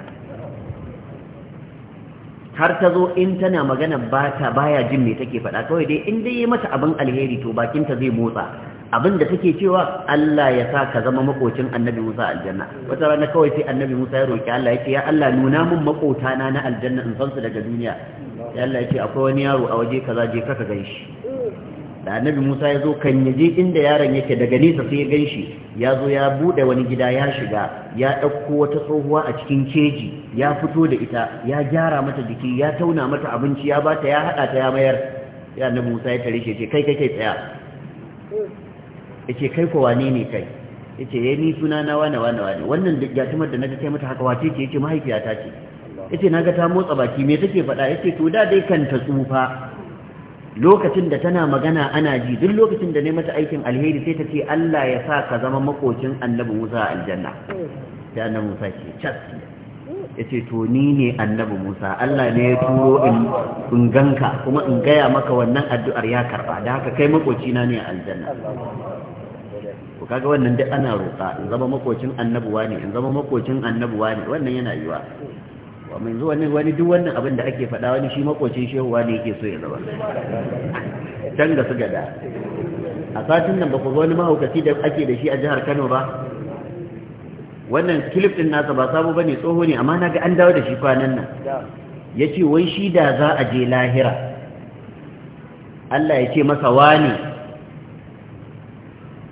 har ta zo in tana magana ba ta baya jin me take faɗa kawai dai in dai yi mata abin alheri to bakinta zai motsa abin da take cewa Allah ya sa ka zama makocin annabi Musa aljanna wata rana kawai sai annabi Musa ya roƙi Allah ya ce ya Allah nuna min makotana na aljanna in san su daga duniya ya Allah ya ce akwai wani yaro a waje kaza je ka ka shi da annabi Musa ya zo kan ya je inda yaron yake daga nesa sai ya gan shi ya zo ya bude wani gida ya shiga ya ɗauko wata tsohuwa a cikin keji ya fito da ita ya gyara mata jiki ya tauna mata abinci ya bata ya hada ta ya mayar ya annabi Musa ya tare shi ce kai kai kai tsaya yace kai ko wane ne kai yace yayi eh, ni suna na wane wane wane wannan duk tumar da naga kai mata haka wace ce yace mahaifiyata ce yace naga ta motsa baki me take faɗa yace to da dai kanta tsufa lokacin da tana magana ana ji duk lokacin da ne mata aikin alheri sai ta ce Allah ya sa ka zama makocin annabi Musa a aljanna sai annabi Musa ce chatti ya ce to ni ne annabi Musa Allah ne ya turo in ganka kuma in gaya maka wannan addu'ar ya karba da haka kai makocina ne a aljanna ko kaga wannan duk ana roƙa in zama makocin annabuwa ne in zama makocin annabuwa ne wannan yana yiwa ba zuwa ne wani duk wannan abin da ake faɗa wani shi makocin shehuwa ne yake so ya zama can da su gada a satin nan ba ku wani mahaukaci da ake da shi a jihar kano ba wannan kilif din nasa ba sabo ne, tsoho ne amma naga an dawo da shi kwanan nan ya ce wai shi da za a je lahira Allah ya ce masa wani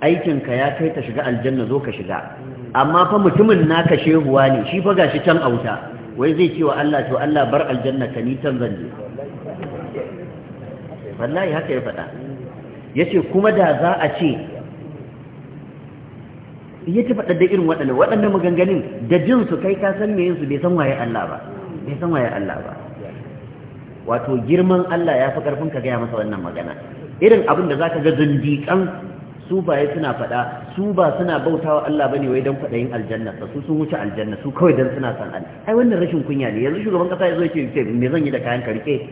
aikinka ya kai ta shiga aljanna zo ka shiga amma fa mutumin naka shehuwa ne shi fa gashi can auta wai zai ce wa Allah to Allah bar aljanna ka ni can zan je wallahi haka ya faɗa yace kuma da za a ce ya ta faɗa da irin waɗannan waɗannan maganganun da jin su kai ka san me yin bai san waye Allah ba bai san waye Allah ba wato girman Allah ya fi karfin ka gaya masa wannan magana irin abin da zaka ga zindiƙan Su sufaye suna faɗa su ba suna bautawa Allah bane wai dan kwaɗayin aljanna su sun wuce aljanna su kawai dan suna san Allah ai wannan rashin kunya ne yanzu shugaban kasa ya zo yake ce me zan yi da kayan karke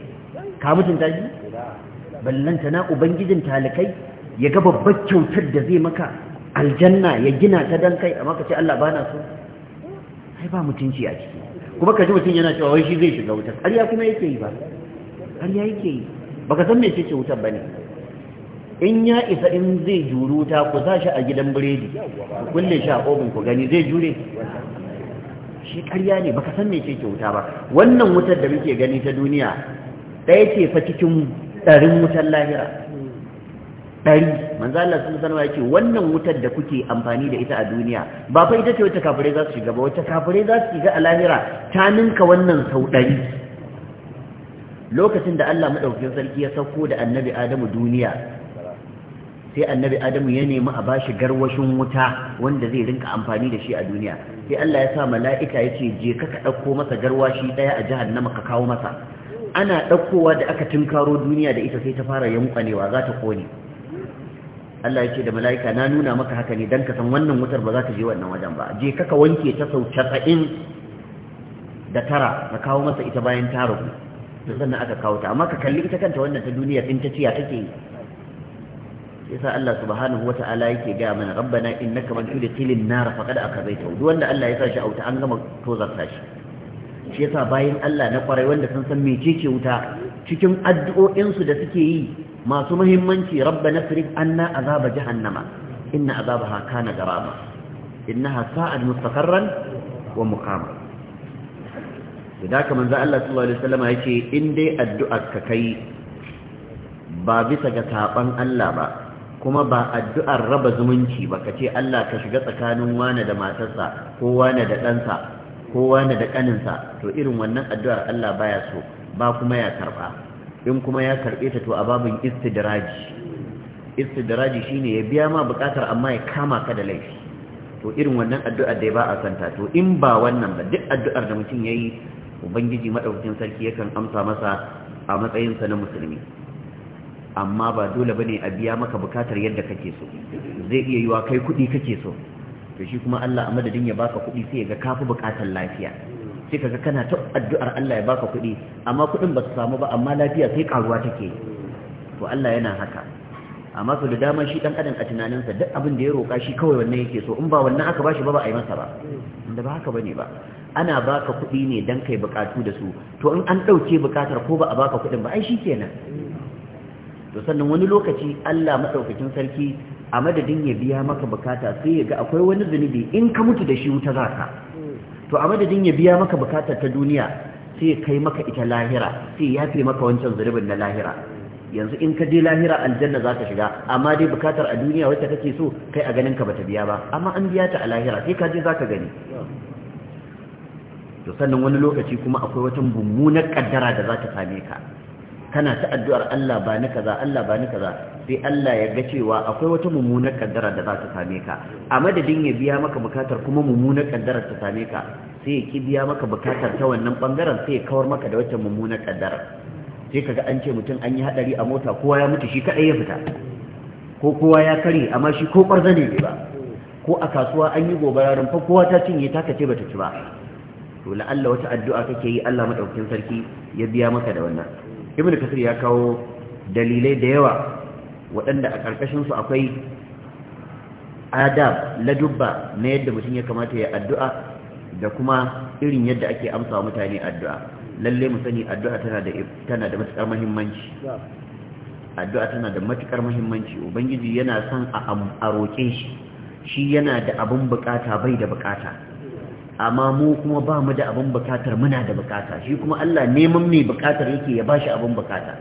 ka mutunta shi ta na ubangijin talikai ya ga babbar kyautar da zai maka aljanna ya gina ta dan kai amma ka ce Allah bana so ai ba mutunci a ciki kuma ka ji mutum yana cewa wai shi zai shiga wutar har ya kuma yake yi ba har ya yake yi baka san me ce wutar bane in ya isa in zai juru ta ku za shi a gidan biredi ku kulle shi a obin ku gani zai jure shi ƙarya ne baka san mece ke wuta ba wannan wutar da muke gani ta duniya ɗaya ce fa cikin ɗarin wutar lahira ɗari manzo Allah sun sanwa yake wannan wutar da kuke amfani da ita a duniya ba fa ita ce wacce kafirai za su shiga ba wacce kafirai za su shiga a lahira ta ninka wannan sau ɗari lokacin da Allah madaukakin sarki ya sauko da annabi Adamu duniya sai annabi adamu ya nemi a bashi garwashin wuta wanda zai rinka amfani da shi a duniya sai Allah ya sa mala'ika ya ce je ka ɗauko masa garwashi daya a jahannama ka kawo masa ana ɗaukowa da aka tunkaro duniya da ita sai ta fara yankwanewa za ta kone Allah ya ce da mala'ika na nuna maka haka ne don ka san wannan wutar ba za ta je wannan wajen ba je ka ka wanke ta sau casa'in da tara ka kawo masa ita bayan ta rabu sannan aka kawo ta amma ka kalli ita kanta wannan ta duniya in ta ciya take yasa Allah subhanahu wata'ala yake ga mana rabbana innaka man tudkhilin nar faqad akazaita duk wanda Allah ya sa shi auta an gama tozarta shi shi yasa bayan Allah na kwarai wanda sun san mecece wuta cikin addu'o'in su da suke yi masu muhimmanci rabbana firib anna azaba jahannama inna azabaha kana garama innaha sa'ad mustaqarran wa muqama da haka manzo Allah sallallahu alaihi wasallam yace in dai addu'ar ka kai ba bisa ga taɓan Allah ba kuma ba addu'ar raba zumunci ba ka ce Allah ka shiga tsakanin wane da matarsa ko wane da ɗansa ko wane da ƙaninsa to irin wannan addu'ar Allah baya so ba kuma ya karɓa in kuma ya karɓe ta to a babin istidraji shi shine ya biya ma buƙatar amma ya kama ka da laifi to irin wannan addu'ar da ba a santa to in ba wannan ba duk addu'ar da mutum yayi ubangiji madaukakin sarki yakan amsa masa a matsayinsa na musulmi amma ba dole bane a biya maka bukatar yadda kake so zai iya yiwa kai kuɗi kake so to shi kuma Allah a madadin ya baka kuɗi sai ya ga kafi bukatar lafiya sai kaga kana ta addu'ar Allah ya baka kuɗi amma kuɗin ba su samu ba amma lafiya sai karuwa take to Allah yana haka amma su da dama shi dan adam a tunanin sa duk abin da ya roka shi kawai wannan yake so in ba wannan aka bashi ba ba a yi masa ba inda ba haka bane ba ana baka kuɗi ne dan kai bukatu da su to in an ɗauke bukatar ko ba a baka kuɗin ba ai shikenan to sannan wani lokaci Allah madaukakin sarki a madadin ya biya maka bukata sai ya ga akwai wani zunubi in ka mutu da shi wuta za ka to a madadin ya biya maka bukata ta duniya sai kai maka ita lahira sai ya fi maka wancan zunubin na lahira yanzu in ka je lahira aljanna za ka shiga amma dai bukatar a duniya wacce kake so kai a ganin ka bata biya ba amma an biya ta a lahira sai ka je za ka gani to sannan wani lokaci kuma akwai wata mummunar kaddara da za ta same ka kana ta addu'ar Allah ba ni kaza Allah ba ni kaza sai Allah ya ga cewa akwai wata mummunar kaddara da za ta same ka a madadin ya biya maka bukatar kuma mummunar kaddara ta same ka sai ya ki biya maka bukatar ta wannan bangaren sai ya kawar maka da wata mummunar kaddara sai ga an ce mutum an yi hadari a mota kowa ya mutu shi kaɗai ya fita ko kowa ya kare amma shi ko barza ne ba ko a kasuwa an yi gobara fa kowa ta cinye ta kace ta ci ba to la'alla wata addu'a kake yi Allah madaukin sarki ya biya maka da wannan ibn kasir ya kawo dalilai da yawa waɗanda a ƙarƙashinsu akwai adab ladubba na yadda mutum ya kamata ya addu'a da kuma irin yadda ake amsa wa mutane addu'a lalle mu sani addu'a tana da tana da matukar muhimmanci addu'a tana da matukar muhimmanci ubangiji yana son a roƙe shi shi yana da abun bukata bai da bukata amma mu kuma ba mu da abin bukatar muna da bukata shi kuma Allah neman mai bukatar yake ya bashi abin bukata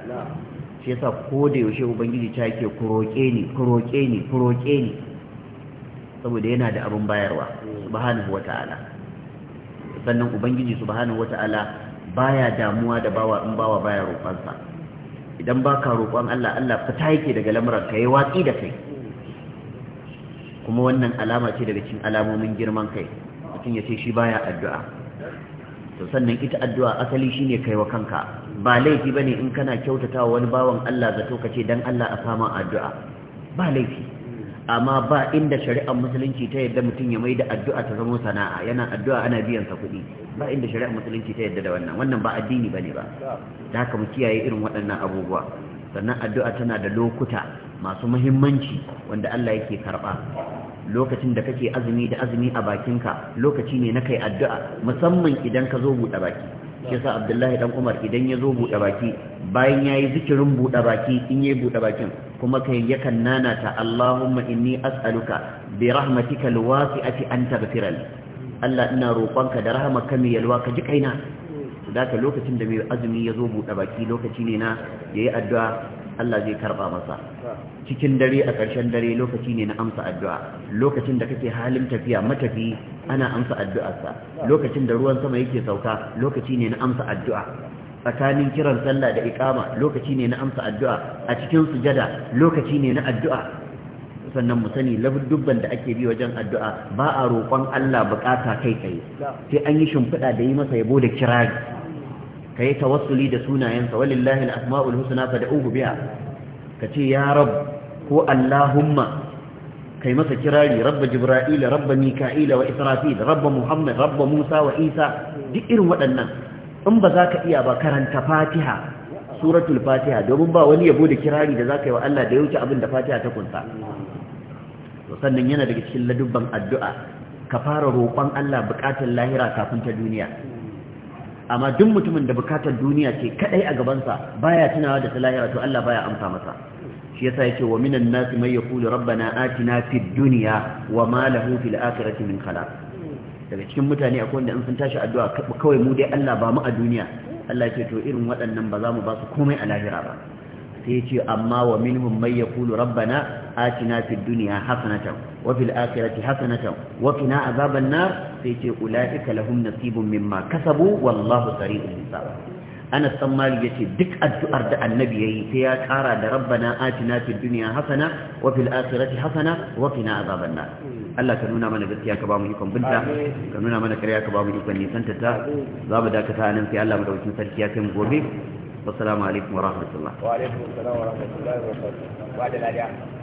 shi yasa ko da yaushe ubangiji ta yake ku roƙe ni ku roƙe ni ku roƙe ni saboda yana da abin bayarwa subhanahu wata'ala sannan ubangiji subhanahu wata'ala baya damuwa da bawa in bawa baya roƙonsa idan baka roƙon Allah Allah fita yake daga lamuran ka yi watsi da kai kuma wannan alama ce daga cikin alamomin girman kai mutum ya ce shi baya addu'a to sannan ita addu'a asali shine kaiwa wa kanka ba laifi bane in kana kyautata wani bawan Allah zato kace dan Allah a sama addu'a ba laifi amma ba inda shari'ar musulunci ta yadda mutum ya maida addu'a ta zama sana'a yana addu'a ana biyan sa kuɗi ba inda shari'ar musulunci ta yadda da wannan wannan ba addini bane ba da haka mu kiyaye irin waɗannan abubuwa sannan addu'a tana da lokuta masu muhimmanci wanda Allah yake karɓa lokacin da kake azumi da azumi a bakinka lokaci ne na kai addu'a musamman idan ka zo buɗe baki yasa abdullahi ɗan umar idan ya zo buɗe baki bayan ya yi zikirin buɗe baki in ya buɗe bakin kuma kai yakan nanata allahumma inni as'aluka bi rahmatika alwasi'ati an taghfira li Allah ina roƙonka da rahama mai yalwa ka ji kaina da lokacin da mai azumi ya zo buɗe baki lokaci ne na yayi addu'a Allah zai karba masa cikin dare a ƙarshen dare lokaci ne na amsa addu'a lokacin da kake halin tafiya matafi ana amsa addu'arsa lokacin da ruwan sama yake sauka lokaci ne na amsa addu'a tsakanin kiran sallah da iqama lokaci ne na amsa addu'a a cikin sujada lokaci ne na addu'a sannan mu sani dubban da ake bi wajen addu'a ba a roƙon Allah bukata kai tsaye sai an yi shimfiɗa da yi masa yabo da kirari ka yi tawassuli da sunayensa walillahi al-asma'ul husna fad'uhu biha kace ya rab ko allahumma kai masa kirari rabba jibra'ila Raba mikail wa israfil rabba muhammad rabba musa wa isa duk irin waɗannan in ba za ka iya ba karanta fatiha suratul fatiha domin ba wani yabo da kirari da za ka yi wa allah da ya wuce abin da fatiha ta kunsa sannan yana daga cikin ladubban addu'a ka fara roƙon allah buƙatar lahira kafin ta duniya amma duk mutumin da bukatar duniya ce kadai a gabansa baya tunawa da lahira to Allah baya amsa masa shi yasa yake wa minan nasi may yaqulu rabbana atina fid dunya wa ma lahu fil akhirati min khalaq daga cikin mutane akwai wanda in sun tashi addu'a kawai mu dai Allah ba mu a duniya Allah yake to irin waɗannan ba za mu ba su komai a lahira ba sai ce amma wa minhum may yaqulu rabbana atina fid dunya hasanatan wa fil akhirati hasanatan wa na azaban nar sai ce ulaika lahum nasibun mimma kasabu wallahu sari'ul hisab Anas dan ya ce duk addu'ar da Annabi ya yi sai ya kara da rabbana atina fid dunya hasana wa fil akhirati hasana wa na azaban nar Allah ka nuna mana gaskiya ka ba mu ikon binta ka nuna mana karya ka ba mu ikon nisanta ta za mu dakata nan sai Allah mu madaukakin sarki ya kai mu gobe والسلام عليكم ورحمة الله وعليكم السلام ورحمة الله وبركاته بعد الأليان